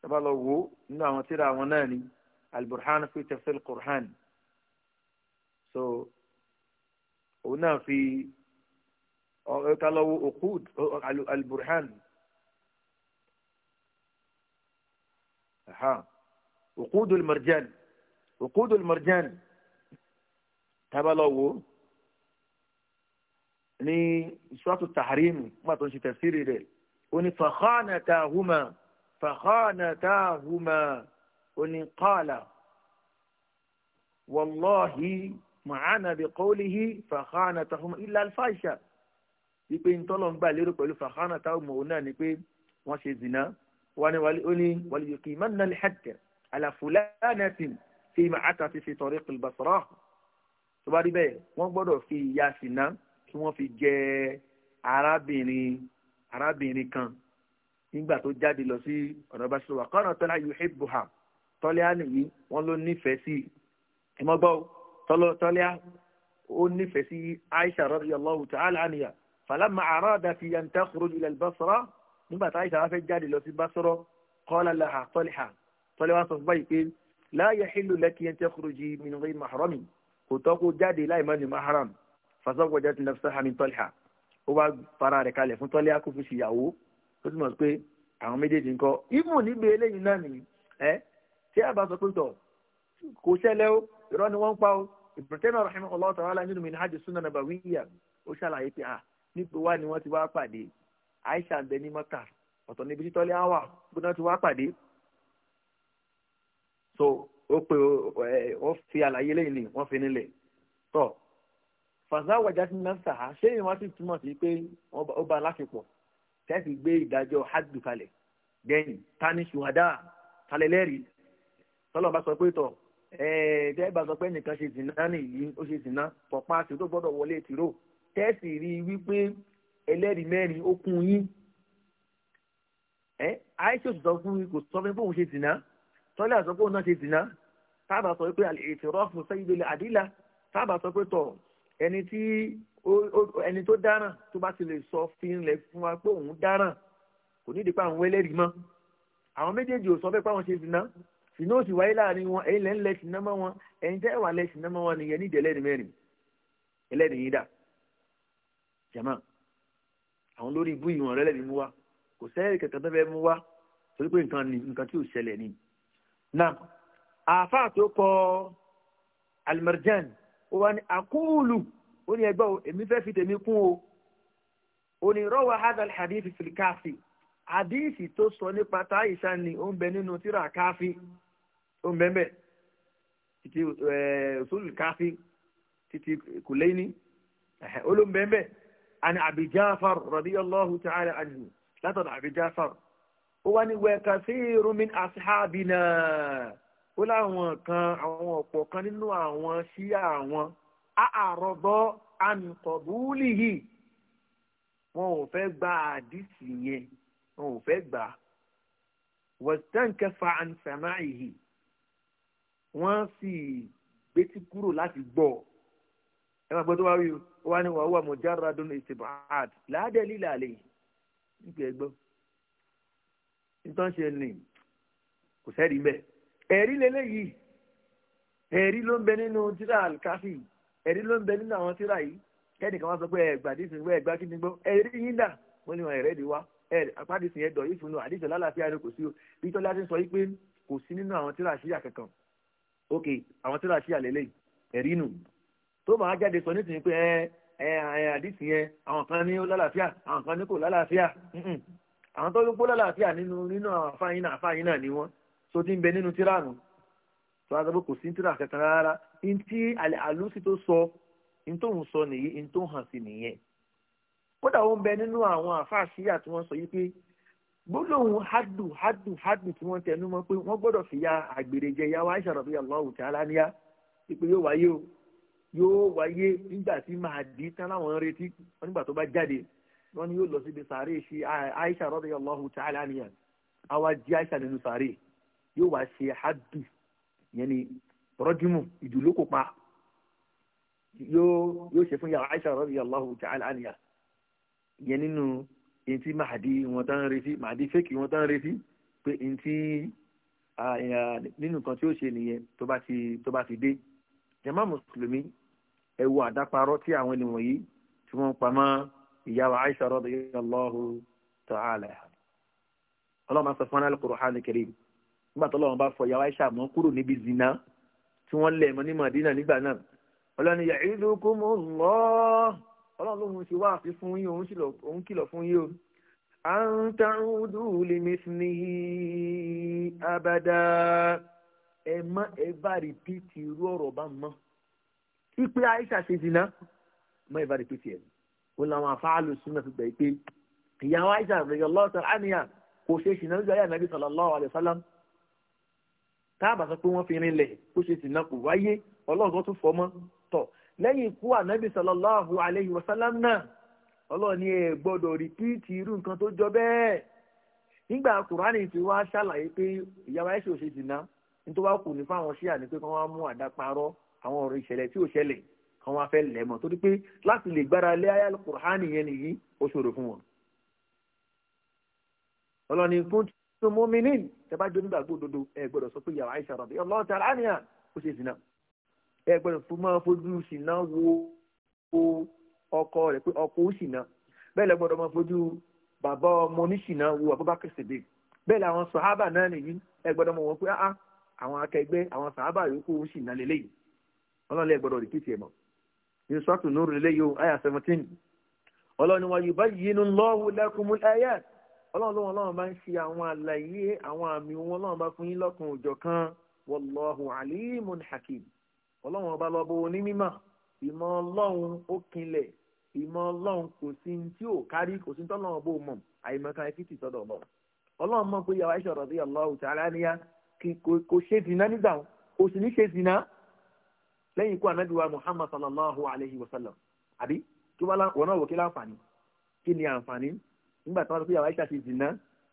tá a bá lọ wo nínú àwọn tíra wọn náà ni. البرهان في تفسير القرآن so هنا في قالوا أقود البرهان ها وقود المرجان وقود المرجان تبلو ني يعني سورة التحريم ما تنشي تفسيري ده وني فخانتاهما فخانتاهما وني قال wàlọ́ọ̀hì màánà bí kọ́ọ̀lìhì fàkànà tàhùn ilà alfàṣà wípé ntọ́lọ̀ ń gbà lérò pẹ̀lú fàkànà tàhùn òun náà ni pé wọ́n ṣe zìnà wọn ni wàlíyò kì í má nà lè hàjẹ́ àlàfùlánàtì fi mà áta ti fi tọ̀rí kìlbàsọ̀rọ̀ tó bá rí bẹ́ẹ̀ wọ́n gbọ́dọ̀ fi ìyà sìnà kí wọ́n fi jẹ arábìnrin arábìnrin kan nígbà tó jáde lọ sí ọ̀nà bá ṣe wà kọ́nà tọ́lá yóò hẹ́ bùhà tọ́lá nìyí wọ́n ló nífẹ̀ẹ́ sí i ìmọ̀gbọ́ tọ́lọ́tọ́lẹ́à ó nífẹ̀ẹ́ sí Aisha radiyallahu ta'ala anha falamma arada fi an takhruj ila al-Basra nígbà tí Aisha wá fẹ́ jáde lọ sí Basra qala laha Talha Talha wá sọ fún báyìí pé la yahillu laki an takhruji min ghayri mahrami kò tọ́ kó jáde láì má ní mahram fazawwajat nafsaha min Talha ó wá fara rẹ̀ kalẹ̀ fún náà kò ṣẹlẹ̀ o irọ́ ni wọ́n pa o ìbùrùtẹ́mì ọ̀rọ̀hìn ọlọ́ọ̀tà wà láyé nínú mi hajj sunna nabawiyya ó ṣàlàyé pé ah nípò wá ni wọ́n ti wá pàdé Aisha ń bẹ ní mọ́tà ọ̀tọ̀ níbi títọ́lé àwà gbọ́dọ̀ ti wá pàdé so ó pe ó fi àlàyé lẹ́yìn ni wọ́n fi nílẹ̀ tọ́ fàzá wàjá ti náà sàá ṣé ìwọ́n ti túmọ̀ sí pé ó ba láṣepọ̀ tẹ́sí gbé ìdájọ́ hajj kalẹ̀ dẹ́yìn tani ṣùhádà kalẹ̀ lẹ́rìí tọ́lọ́ bá sọ pé tọ́ ẹ̀ẹ́dẹ́gbà eh, sọ pé nìkan ṣe zìnà nìyí ó ṣe zìnà pọ̀pá àti tó gbọ́dọ̀ wọlé tìró tẹ́sì rí i wípé ẹlẹ́rìí mẹ́rin ó kún yín ẹ àìsí òṣìṣẹ́ ọkùnrin kò sọ pé bóun ṣe zìnà tọ́lẹ̀ àsọ pé òun náà ṣe zìnà tábà sọ pé ìtìrọ́fù sẹ́yìnbẹ̀lẹ̀ àdìlà tábà sọ pé tọ̀ ẹni tí ẹni tó dáràn tó bá ti lè sọ fi ń lẹ fún wa pé òun dáràn kò ní ìdí pa àwọn ẹlẹ́rìí mọ́ àwọn méjèèjì ò sọ pé pé àwọn ṣe zìnà sìnà òsì wáyé láàrin wọn ẹ̀yin lẹ́nu lẹ́sìn náà mọ́ wọn ẹ̀yin tẹ́ wà lẹ́sìn náà mọ́ wọn nìyẹn nídìí ẹlẹ́ni mẹ́rin ẹlẹ́ni yìí dà jàmá àwọn lórí ibú yìí wọn rẹ́lẹ́ni mú wa kò sẹ́yìn kẹ̀kẹ́ tó fẹ́ mú wa torí pé nǹkan ni nǹkan tí ò ṣẹlẹ̀ ni. na àáfàá tó kọ al ó wá ní àkúùlù ó ní ẹgbẹ́ o èmi fẹ́ fi tèmi kún o ó ní rọ́wà hadal hadith fil káfí hadith sọ nípa táyìṣà ni ó ń bẹ nínú tíra káfí ó ń bẹ́ẹ̀ títí eh, usul káfí títí kùlẹ́ni eh, ó ló ń bẹ́ẹ̀ àni Abi Jafar radiyallahu ta'ala anhu látọ̀dọ̀ Abi Jafar ó wá ní wa kathirun min ashabina ó láwọn kan àwọn ọ̀pọ̀ kan nínú àwọn ṣíà àwọn àárọ̀bọ ànkọ̀bùlìhì wọn ò fẹ́ gba àdìsí yẹn wọn ò fẹ́ gbà wastankafa an sama'ihi wọ́n sì gbétí kúrò láti gbọ́ ẹ máa gbọ́ tó wá rí o wá ní wàá wà mujarradun istib'ad láàdẹ́lì làlẹ́ nígbà ẹgbọ́ nítorí ṣe ní kò sẹ́rí bẹ́ẹ̀ ẹ̀rí lélẹ́yìí ẹ̀rí ló ń bẹ nínú tíra alkafi ẹ̀rí ló ń bẹ nínú àwọn tíra yìí kẹ́nìkan wá sọ pé ẹ̀gbà dísìn wẹ́ ẹ̀gbà kí ni gbọ́ ẹ̀rí yín dà wọ́n ní wọn ẹ̀rẹ́ di wá apádìsìn ẹ̀dọ̀ yìí fún un àdìsọ̀ lálàáfíà ni kò sí o ìtọ́lá ti sọ yìí pé kò sí nínú àwọn tíra àṣíyà kankan ok àwọn tíra ṣí àlẹ́lẹ́ ẹ̀rí nù tó máa jáde sọ nítorí pé ẹ ẹ àdìsí yẹn àwọn kan ní ó lálàáfíà àwọn kan ní kò lálàáfíà àwọn tó ń pọ́ lálàáfíà nínú nínú àwọn afáyín náà afáyín náà ni wọ́n so ti ń bẹ nínú tíra nù tó a kò sí tíra kankan rárá ní tí àlùsí tó sọ ní tó ń sọ nìyí ní tó hàn sí nìyẹn kódà ó ń bẹ nínú àwọn àfáàṣíyà tí wọ́n sọ yìí pé gbólóhùn hadu hadu hadu tí wọ́n tẹnu mọ́ pé wọ́n gbọ́dọ̀ fìyà àgbèrè jẹ ìyá wa Aisha radiyallahu ta'ala anha pé yóò wáyé o yóò wáyé nígbà tí Mahdi tán láwọn ń retí wọn nígbà tó bá jáde wọn ni yóò lọ síbi sàárè ṣe Aisha radiyallahu ta'ala anha àwa jí Aisha nínú sàárè yóò wá ṣe hadu yẹn ni rọ́júmù ìdúlókò pa yóò yóò ṣe fún ìyá Aisha radiyallahu ta'ala anha yẹn nínú in tí mahadi wọn tá ń retí mahadi fake wọn tá ń retí pé in tí nínú nǹkan tí ó ṣe nìyẹn tó bá ti tó bá ti dé jàmá mùsùlùmí ẹ wo àdáparọ́ tí àwọn ènìyàn yìí tí wọ́n ń pamọ́ ìyá wa Aisha radiyallahu ta'ala ọlọ́run sọ fún al-Qur'an al-Karim nígbà tó lọ́wọ́n bá fọ ìyá Aisha mọ́ kúrò níbi zina tí wọ́n lẹ̀ ní Madina nígbà náà ọlọ́run ya'idukumullah ọlọ́run ló ń ṣe wá àfi fún yín òun kìlọ̀ fún yín o. à ń tàrúdù lè mẹ́sìnì abada ẹ má ẹ bá rìpíìtì irú ọ̀rọ̀ bá mọ́ ipe aisha ṣe dìná mọ́ ẹ bá rìpíìtì ẹ̀ wọn làwọn afáàlù súnmọ́ fi gbà pé ìyàwó aisha radiyallahu ta'ala anha kò ṣe ṣìnà lójú ayé ànábì sallallahu alaihi wasallam táàbà sọ pé wọ́n fi rinlẹ̀ kó ṣe ṣìnà kò wáyé ọlọ́run tó tún fọmọ́ tọ̀ lẹ́yìn ikú ànábì sallallahu alayhi wa sallam náà ọlọ́run ni ẹ gbọ́dọ̀ rìpíìtì irú nǹkan tó jọ bẹ́ẹ̀ nígbà kùránì ti wá ṣàlàyé pé ìyàwó ẹ̀ṣẹ̀ ò ṣe dìná nítorí wàá kù ní fáwọn ṣíà ni pé kí wọ́n mú àdáparọ́ àwọn ọ̀rọ̀ ìṣẹ̀lẹ̀ tí ò ṣẹlẹ̀ kí wọ́n fẹ́ lẹ̀ mọ́ torí pé láti lè gbára lé ayé kùránì yẹn nìyí ó ṣòro fún wọn. ọlọ́ni kún tó mú mi ní ìjọba jónígbàgbọ́ òdodo ẹ gbọ́dọ̀ sọ pé ìyàwó ẹ̀ṣẹ̀ rọ̀ ẹ gbọ́dọ̀ fún máa fojú ṣìnà wo ọkọ rẹ̀ pé ọkọ ó ṣìnà bẹ́ẹ̀ lẹ máa fojú bàbá ọmọ oníṣìnà wo Abubakar Siddiq bẹ́ẹ̀ làwọn sàhábà náà nìyí ẹ gbọ́dọ̀ mọ̀ pé áá àwọn akẹgbẹ́ àwọn sàhábà yòókù ó ṣìnà lélẹ́yìí ọlọ́run lẹ gbọ́dọ̀ rìpítì ẹ̀ mọ̀ ní o ọlọ́run ọba lọ́bọ onímímọ̀ ìmọ̀ ọlọ́run ó kinlẹ̀ ìmọ̀ ọlọ́run kò sí ní tí ò kárí kò sí ní tọ́lọ́run ọba ò mọ̀ àìmọ̀kan ẹ̀fíìtì sọ́dọ̀ ọlọ́run ọlọ́run mọ̀ pé yàrá ìṣòro sí ọlọ́run tí ara níyà kò ṣe zina nígbà kò sì ní ṣe zina lẹ́yìn ikú anabiwa muhammad sallallahu alayhi wa sallam àbí tó bá wọn náà wò kí láǹfààní kí ni àǹfààní nígbà tí wọn sọ pé yàrá ìṣà ti zina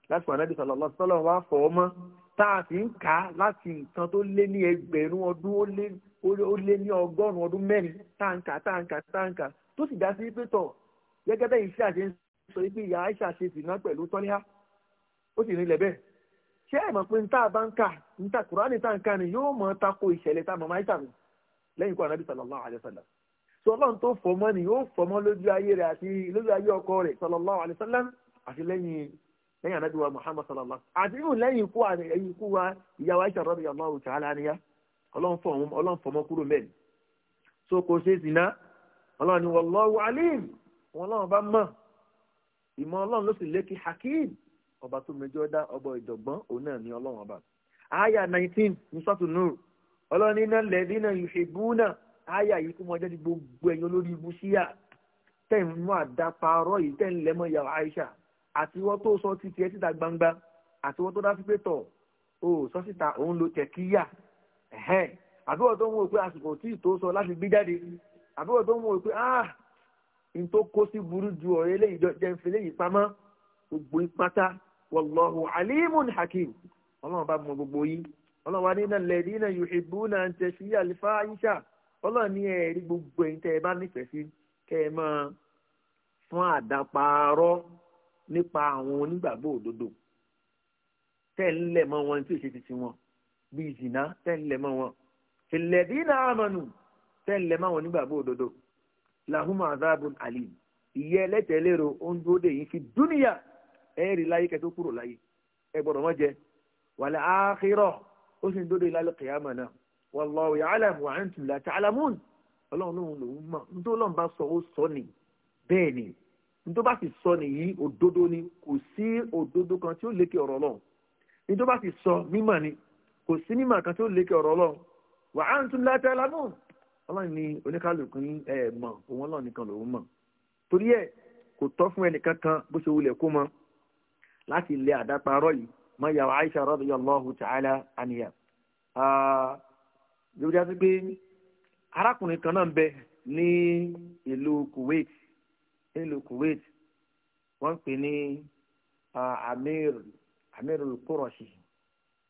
láti wà anabi sallallahu sallam wá fọ̀ ọ́ tá a sì ń kà á láti nǹkan tó lé ní ẹgbẹ̀rún ọdún ó lé ó lé ní ọgọ́rùn-ún ọdún mẹ́rin táǹkà táǹkà táǹkà tó sì dá sí pé tọ̀ gẹ́gẹ́ bẹ́ẹ̀ iṣẹ́ àṣẹ ń sọ pé ìyá aisha ṣe sìnà pẹ̀lú tọ́níhá ó sì rinlẹ̀ bẹ́ẹ̀ ṣé ẹ̀ mọ̀ pé níta bá ń kà níta kùránì tá ń kà ni yóò mọ̀ tako ìṣẹ̀lẹ̀ tá màmá aisha mi lẹ́yìn kó anábì sallallahu alaihi wasallam sọ ọlọ́run tó fọ mọ́ ni yóò fọ mọ́ lójú ayé rẹ̀ àti lójú ayé ọkọ lẹ́yìn ikú wa ìyàwó aisha radiyallahu ta'ala anha ọlọ́run fọmọ kúrò mẹ́rin so kò ṣe zina ọlọ́run ni wallahu alim wọn ọlọ́run bá mọ̀ ìmọ̀ ọlọ́run ló sì lékè hakim ọba tó mẹjọ dá ọba ìjọ̀gbọ́n òun náà ní ọlọ́run ọba aya nineteen ní sọ́tù nùr ọlọ́run iná lẹ́ẹ̀dí náà yuhibbuna aya yìí kó mọ jẹ́ ti gbogbo ẹ̀yìn olórí ibu síyà tẹ̀ ń mú àdáparọ́ yìí tẹ̀ ń lẹ́mọ̀ yà Aisha àti wọ́n tó sọ títí ẹ síta gbangba àti wọ́n tó dá sí pé tọ̀ o sọ síta òun lo tẹ̀kíyà ẹ̀hẹ́n àbíwọ̀ tó ń wò pé àsìkò tí ìtò sọ láti gbé jáde àbíwọ̀ tó ń ah n tó kó sí ju ọ̀rẹ́ eléyìí jẹ́ ń fi léyìí pamọ́ gbogbo ìpátá alimun hakim ọlọ́run bá mọ gbogbo yìí ọlọ́run wa nínú lẹ́ẹ̀dí náà yuhibbuna an ọlọ́run gbogbo tẹ́ ẹ bá nífẹ̀ẹ́ sí kẹ́ ẹ máa fún nípa àwọn onígbàgbọ́ òdodo tẹ́ ń lẹ̀ mọ́ wọn tí ṣe ti ti wọn bíi zina tẹ́lẹ̀ mọ́ wọn alladhina amanu tẹ́lẹ̀ mọ́ wọn nígbàgbọ́ òdodo lahum azabun alim ìyẹ́ ẹlẹ́tẹ̀ẹ́lẹ́rọ ohun tó dé yìí fi dúníyà ẹ̀rí láyé kẹtó kúrò láyé ẹ gbọ́dọ̀ mọ́ jẹ wàlẹ̀ àkírọ̀ ó sì ń dóde lálẹ́ kìyàmà náà wallahu ya'lam wa antum la ta'lamun ọlọ́run lòun lòun mọ̀ ní tó lọ́n kò sí mímọ̀ kan tó lékè ọ̀rọ̀ wa wà á ń tún láti alámù ọlọ́run ni oníkàlùkù ẹ mọ̀ òun ọlọ́run nìkan torí ẹ kò tọ́ fún ẹnìkan kan bó ṣe wulẹ̀ kó mọ láti lé àdáparọ́ yìí mọ ìyàwó Aisha radiyallahu ta'ala anha yóò pé arákùnrin kan náà ń bẹ ní Kuwait ìlú Kuwait wọ́n ń pè Amir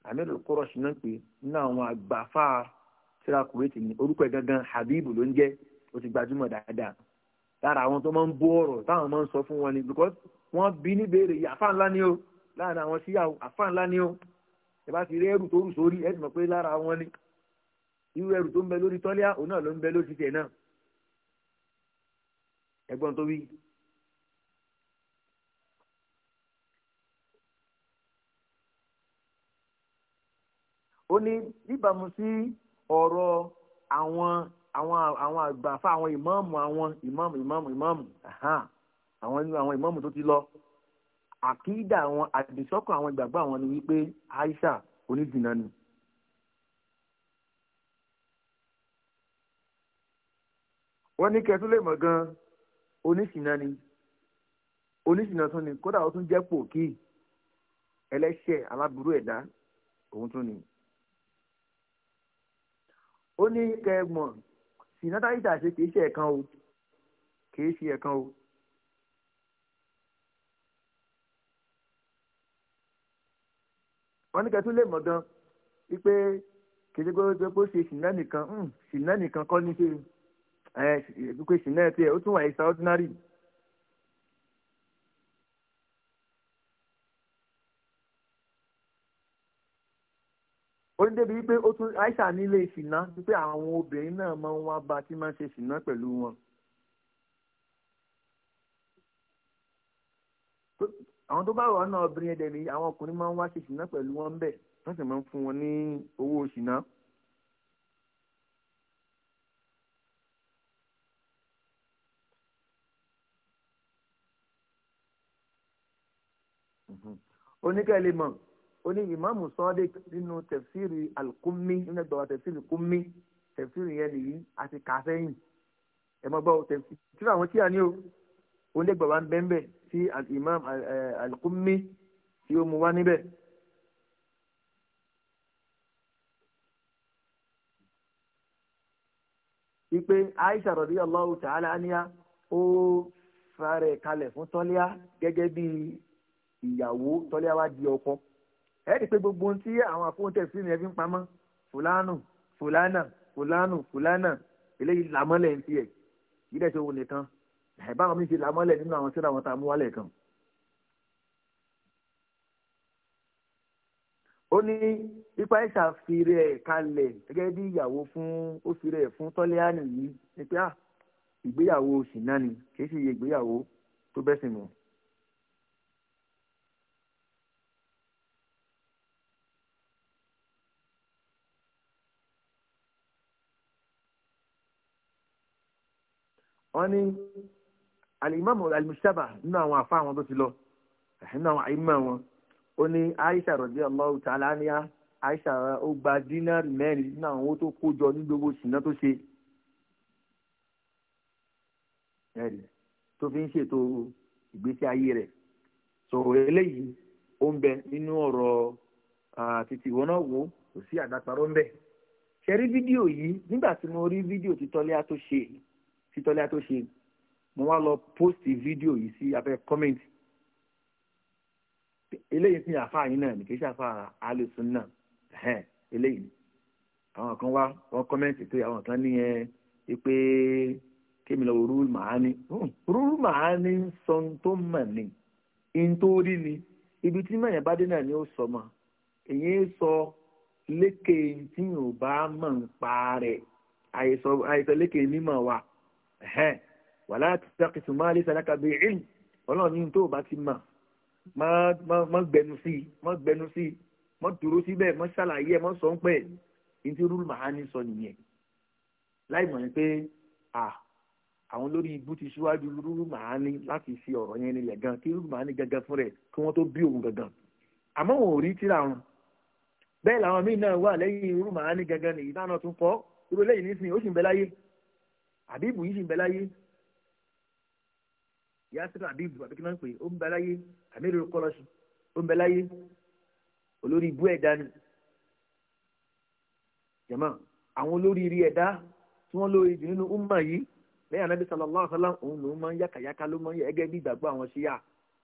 amir al-qurash náà pé nínú àwọn àgbàfà tíra kuwait ní orúkọ ẹ̀ gangan habibu ló ń jẹ́ ó ti gbajúmọ̀ dáadáa lára àwọn tó máa ń bó ọ̀rọ̀ táwọn máa ń sọ fún wọn ni because wọ́n bí ní béèrè yìí àfa ńlá ni ó láàrin àwọn síyàwó àfa ńlá ni ó ẹ bá ti rí ẹrù tó rù sórí ẹ ti mọ̀ pé lára wọn ni irú ẹrù tó ń bẹ lórí tọ́lẹ́à òun náà ló ń bẹ lórí títẹ̀ náà ẹgbọ́n tó wí ó ní níbàámu sí ọ̀rọ̀ àwọn àwọn àwọn àgbàfà àwọn ìmáàmù àwọn ìmáàmù ìmáàmù ìmáàmù àwọn àwọn ìmáàmù tó ti lọ àkídà àwọn àdìsọ́kàn àwọn ìgbàgbọ́ àwọn ni wípé Aisha onídìnnà ni. wọ́n ní kẹ́tù lè mọ̀ gan oníṣìnà ni oníṣìnà tún ni kódà ó tún jẹ́ pòkì ẹlẹ́ṣẹ̀ aláburú ẹ̀dá òun tún ni. ó ní kẹgbọn sinatáyítà ṣe kì ṣe ẹ̀kan o kì ṣe o. wọ́n ní kẹtù lè mọ̀ gan wípé kété pé ó ṣe ṣìnà nìkan hmm, ṣìnà nìkan kọ́ ní ṣe ẹ̀ wípé ṣìnà ẹ̀ tiẹ̀ ó ó ní débi wípé ó tún Aisha nílé ìsìná wípé àwọn obìnrin náà máa ń wá bá tí máa ń ṣe ìsìná pẹ̀lú wọn. àwọn tó bá wà náà obìnrin ẹ̀dẹ̀ ni àwọn ọkùnrin máa ń wá ṣe ìsìná pẹ̀lú wọn bẹ́ẹ̀ wọ́n sì máa ń fún wọn ní owó ìsìná. oníkẹ́lẹ́ mọ̀ ó ní ìmáàmù sọ́ọ́dẹ̀ nínú tẹ̀fsíìrì alukumi nínú ẹgbẹ̀rún tẹ̀fsíìrì kumi tẹ̀fsíìrì yẹn nìyí àti kàfẹ́yìn ẹ mọ bọ́ tẹ̀fsíìrì àwọn tí a ní o òun lè bẹ́ńbẹ́ tí imam alukumi tí ó mu wá níbẹ̀. ipe aisha radiyallahu ta'ala anha ó fara ẹ̀ kalẹ̀ fún tọ́líà gẹ́gẹ́ bí ìyàwó tọ́líà wá di ọkọ ẹ rí i pé gbogbo ohun tí àwọn àfọwọ́ntẹ̀ sí ni ẹ fi ń pamọ́ fúlánù fúlánà fúlánù fúlánà eléyìí làmọ́lẹ̀ ń tiẹ̀ yìí dẹ̀ ṣe wo nìkan ìbáwọn mi ṣe làmọ́lẹ̀ nínú àwọn síra wọn tá a mú wálẹ̀ kan. ó ní ipa ìṣà fi rẹ̀ kalẹ̀ gẹ́gẹ́ bí ìyàwó fún ó fi rẹ̀ fún tọ́lẹ́ánì yìí ni pé ah, ìgbéyàwó ṣìnà ni kì í ṣe ìgbéyàwó tó bẹ́sìn mọ́. wọ́n ní alimami alimusaba nínú àwọn afa àwọn tó ti lọ nínú àwọn àyímọ̀ wọn ó ní aisha dị ta'ala anha aisha ó gba dínárì mẹ́rin nínú àwọn owó tó kó jọ ní gbogbo ṣìnà tó ṣe tó fi ń ṣètò ìgbésí ayé rẹ̀ sọ̀rọ̀ eléyìí ó ń bẹ nínú ọ̀rọ̀ títí ìwọ náà wò kò sí ṣe rí fídíò yìí nígbà tí mo rí fídíò tí tọ́lá tó ṣe mo wá lọ post fídíò yìí sí abẹ́ comment eléyìí sí àfa yìí náà nìkejì àfa alùsùn náà eléyìí àwọn kan wá wọn comment pé àwọn kan ní ẹ pé kémi lọ rúrú màání rúrú màání ń sọ tó mọ̀ ní nítorí ni ibi tí mẹ̀yìn bá dé náà ni ó sọ mọ́ èyí ń sọ lékè tí yóò bá mọ̀ ń pa rẹ̀ àìsọ lékè mímọ̀ wa ẹ̀hẹ́n wàlá taqisu ma laysa laka bi ilm ọlọ́run ní tó o bá ti mà má gbẹnu sí i má gbẹnu sí i má dúró síbẹ̀ má ṣàlàyé má sọ ń pẹ̀ ntí rúlù màhání sọ nìyẹn láì mọ̀ pé à àwọn lórí ibú ti ṣíwájú rúlù màhání láti fi ọ̀rọ̀ yẹn nílẹ̀ gan kí rúlù màhání gangan fún rẹ̀ kí wọ́n tó bí òun gangan àmọ́ wọn ò rí tíra wọn bẹ́ẹ̀ làwọn míì náà wà lẹ́yìn rúlù màhání gangan nìyí náà tún kọ́ irú eléyìí nísìnyí ó sì ń bẹ láyé àbíbù yìí sì ń bẹ láyé yasir àbíbù àbí kí náà ń pè ó ń bẹ láyé àmírù kọlọsì ó ń bẹ láyé olórí ibú ẹ̀dá ni jama àwọn olórí rí ẹ̀dá tí wọ́n lórí jù nínú umma yìí lẹ́yìn anabi sallallahu alaihi wasallam òun lòún máa ń yàkàyàkà ló máa ń yẹ ẹgẹ́ bí ìgbàgbọ́ àwọn ṣíyà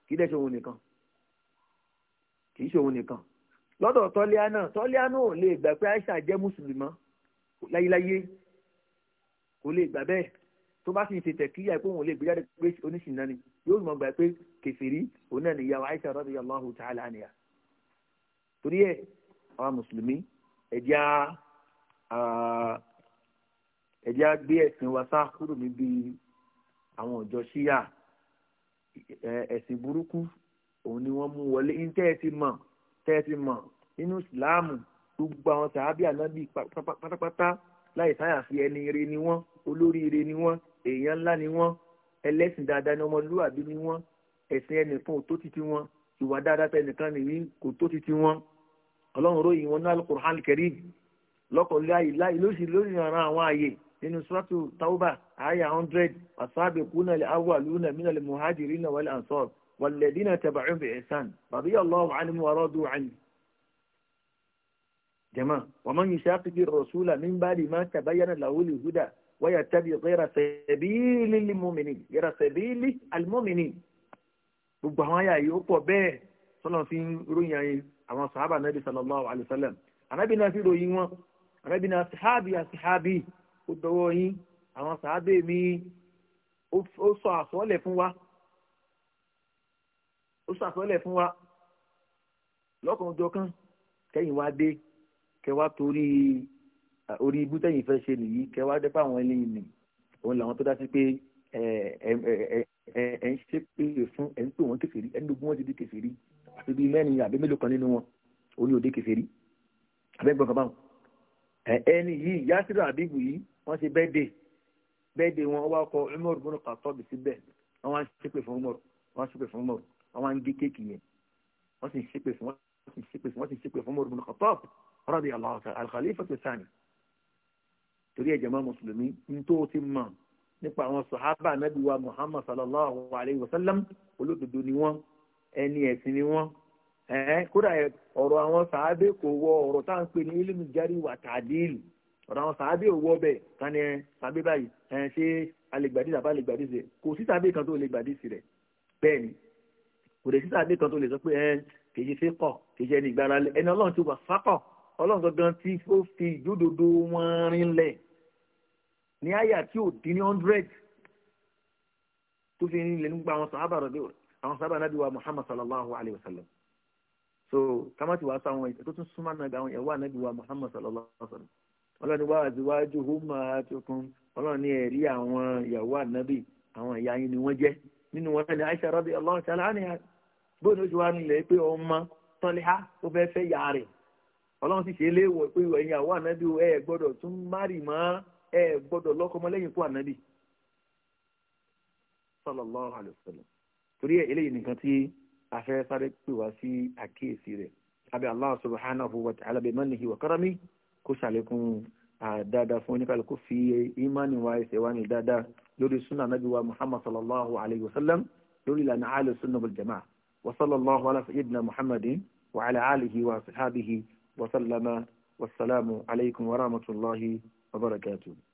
kì í dẹ̀ ṣe nìkan kì í ṣe nìkan lọ́dọ̀ tọ́líà náà tọ́líà náà ò lè gbà pé aisha jẹ́ mùsùlùmọ́ láyéláyé kò lè gbà bẹ́ẹ̀ tó bá sì ń ṣe tẹ̀kíyà pé òun lè gbé jáde pé oníṣìnà ni yóò mọ̀ gbà pé kẹfìrí òun náà nìyàwó Aisha radiyallahu ta'ala anha torí ẹ̀ àwọn mùsùlùmí ẹ̀díà ẹ̀díà gbé ẹ̀sìn wa sá kúrò níbi àwọn ọ̀jọ́ ṣíyà ẹ̀sìn burúkú òun ni wọ́n mú wọlé ní tẹ́ mọ̀ tẹ́ mọ̀ nínú ìsìláàmù gbogbo àwọn sàábì ànábì pátápátá láì sáyà fi ẹni ire ni wọ́n olóríire ni wọ́n èèyàn ńlá ni wọ́n ẹlẹ́sìn dáadáa ni ọmọlúwàbí ni wọ́n ẹ̀sìn ẹnìkan ò tó ti ti wọn ìwà dáadáa tẹ ẹnìkan nìyí kò tó ti ti wọn ọlọ́run ròyìn wọn ní alukur'an kẹrin lọ́kọ̀ọ́lẹ́ ayé láì lóṣì lórí ìran àwọn ààyè nínú suratu tauba aya hundred wasabiquna al-awwaluna min al-muhajirina wal-ansar wal-ladina taba'uhum bi ihsan radiya Allahu anhum wa radu anhu jẹ́mọ́ wa man yushaqiqi rasula min ba'di ma tabayyana lahul huda wa yattabi ghayra sabilil mu'minin ghayra sabilil mu'minin gbogbo àwọn àyà yìí ó pọ̀ bẹ́ẹ̀ sọ́nà fi ń ròyìn àwọn sàhábà nàbì sallallahu alayhi wa sallam ànábì náà fi ròyìn wọn ànábì náà sàhábì àsàhábì ó dọwọ́ yín àwọn sàhábà mi ó sọ àsọ́ọ̀lẹ̀ fún wa ó sọ àsọ́ọ̀lẹ̀ fún wa lọ́kàn ọjọ́ kan kẹ́yìn wá dé kẹwàá torí orí ibú tẹ̀yìn fẹ́ ṣe nìyí kẹwàá dẹ́pọ̀ àwọn ilé ìní òun làwọn tó dá sí pé ẹ ẹ ẹ ń ṣe pé fún ẹ ń pè wọ́n kèfèrí ẹni gbogbo wọn ti di kèfèrí àti bíi mẹ́rin àbí mélòó kan nínú wọn orí òde kèfèrí abẹ́gbọ̀n kan báwọn ẹni yìí yásírò àbíbù yìí wọ́n ṣe bẹ́ẹ̀dẹ̀ bẹ́ẹ̀dẹ̀ wọn wá kọ Umar bin Khattab síbẹ̀ wọ́n wá ń ṣépè fún Umar wọ́n ṣépè fún Umar wọ́n wá ń gé kéèkì yẹn wọ́n sì ń ṣépè fún wọ́n sì ń ṣépè fún Umar bin Khattab rọ́dí aláwọ̀ta alkhalifa tó sáni torí ẹ̀jẹ̀ máa mùsùlùmí ń tó ti mọ̀ nípa àwọn sàhábà nàbí wa muhammad sallallahu alayhi wa sallam olódodo ni wọ́n ẹni ẹ̀sìn ni wọ́n ẹ̀ẹ́ kódà ọ̀rọ̀ àwọn sàhábé kò wọ ọ̀rọ̀ tá à ń pè ní ilé nìjárí wà tàdílì ọ̀rọ̀ àwọn sàhábé ò wọ bẹ́ẹ̀ tani ẹ̀ sàhábé báyìí ẹ̀ ṣé alẹ́gbàdì àbá alẹ́gbàdì rẹ̀ kò sí sàhábé kan tó lè gbàdì sí rẹ̀ bẹ́ẹ̀ ni kò dé sí sàhábé kan tó lè sọ pé ẹ̀ kèje fẹ́ kọ̀ kèje ẹni ìgbára ẹni ọlọ́run ti wà sákọ̀ ọlọ́run gangan tí ó fi ìjódodo wọn rinlẹ̀ ní àyà tí ò dín ní hundred tó fi rinlẹ̀ nípa àwọn sàhábà rẹ̀ àwọn sàhábà nàbí wa muhammad sallallahu alayhi wa sallam so kamati wa sa àwọn tó tún súnmọ́ náà àwọn ẹ̀wà nàbí wa muhammad sallallahu alayhi wa sallam ọlọ́run ní wàá àtiwájú humatukum ọlọ́run ní ẹ̀rí àwọn ìyàwó ànábì àwọn ìyá yín ni wọ́n jẹ́ nínú wọn ni aisha rabi allah ṣe aláàánú bóyá oṣù wa nílẹ̀ pé ọmọ tọ́lẹ́há ó fẹ́ fẹ́ yàrá rẹ̀ ọlọ́run sì ṣe é léèwọ̀ pé ẹ̀yin àwọn ànábì ẹ gbọ́dọ̀ tún márì mọ́ ẹ gbọ́dọ̀ lọ́kọ́mọlẹ́yìn kú ànábì sallallahu alaihi wasallam torí ẹ eléyìí nìkan tí a fẹ́ sáré pè wá sí àkíyèsí rẹ̀ abẹ́ Allah subhanahu wa ta'ala bi mannihi wa karami kó ṣàlékún dáadáa fún oníkàlùkù fi ìmánì wa ẹsẹ̀ wa ní dáadáa lórí sunna nabi wa muhammad sallallahu alaihi wasallam lórí ìlànà àlè sunna wal jama'a wa sallallahu ala sayyidina muhammadin wa ala alihi wa sahabihi وسلم والسلام عليكم ورحمة الله وبركاته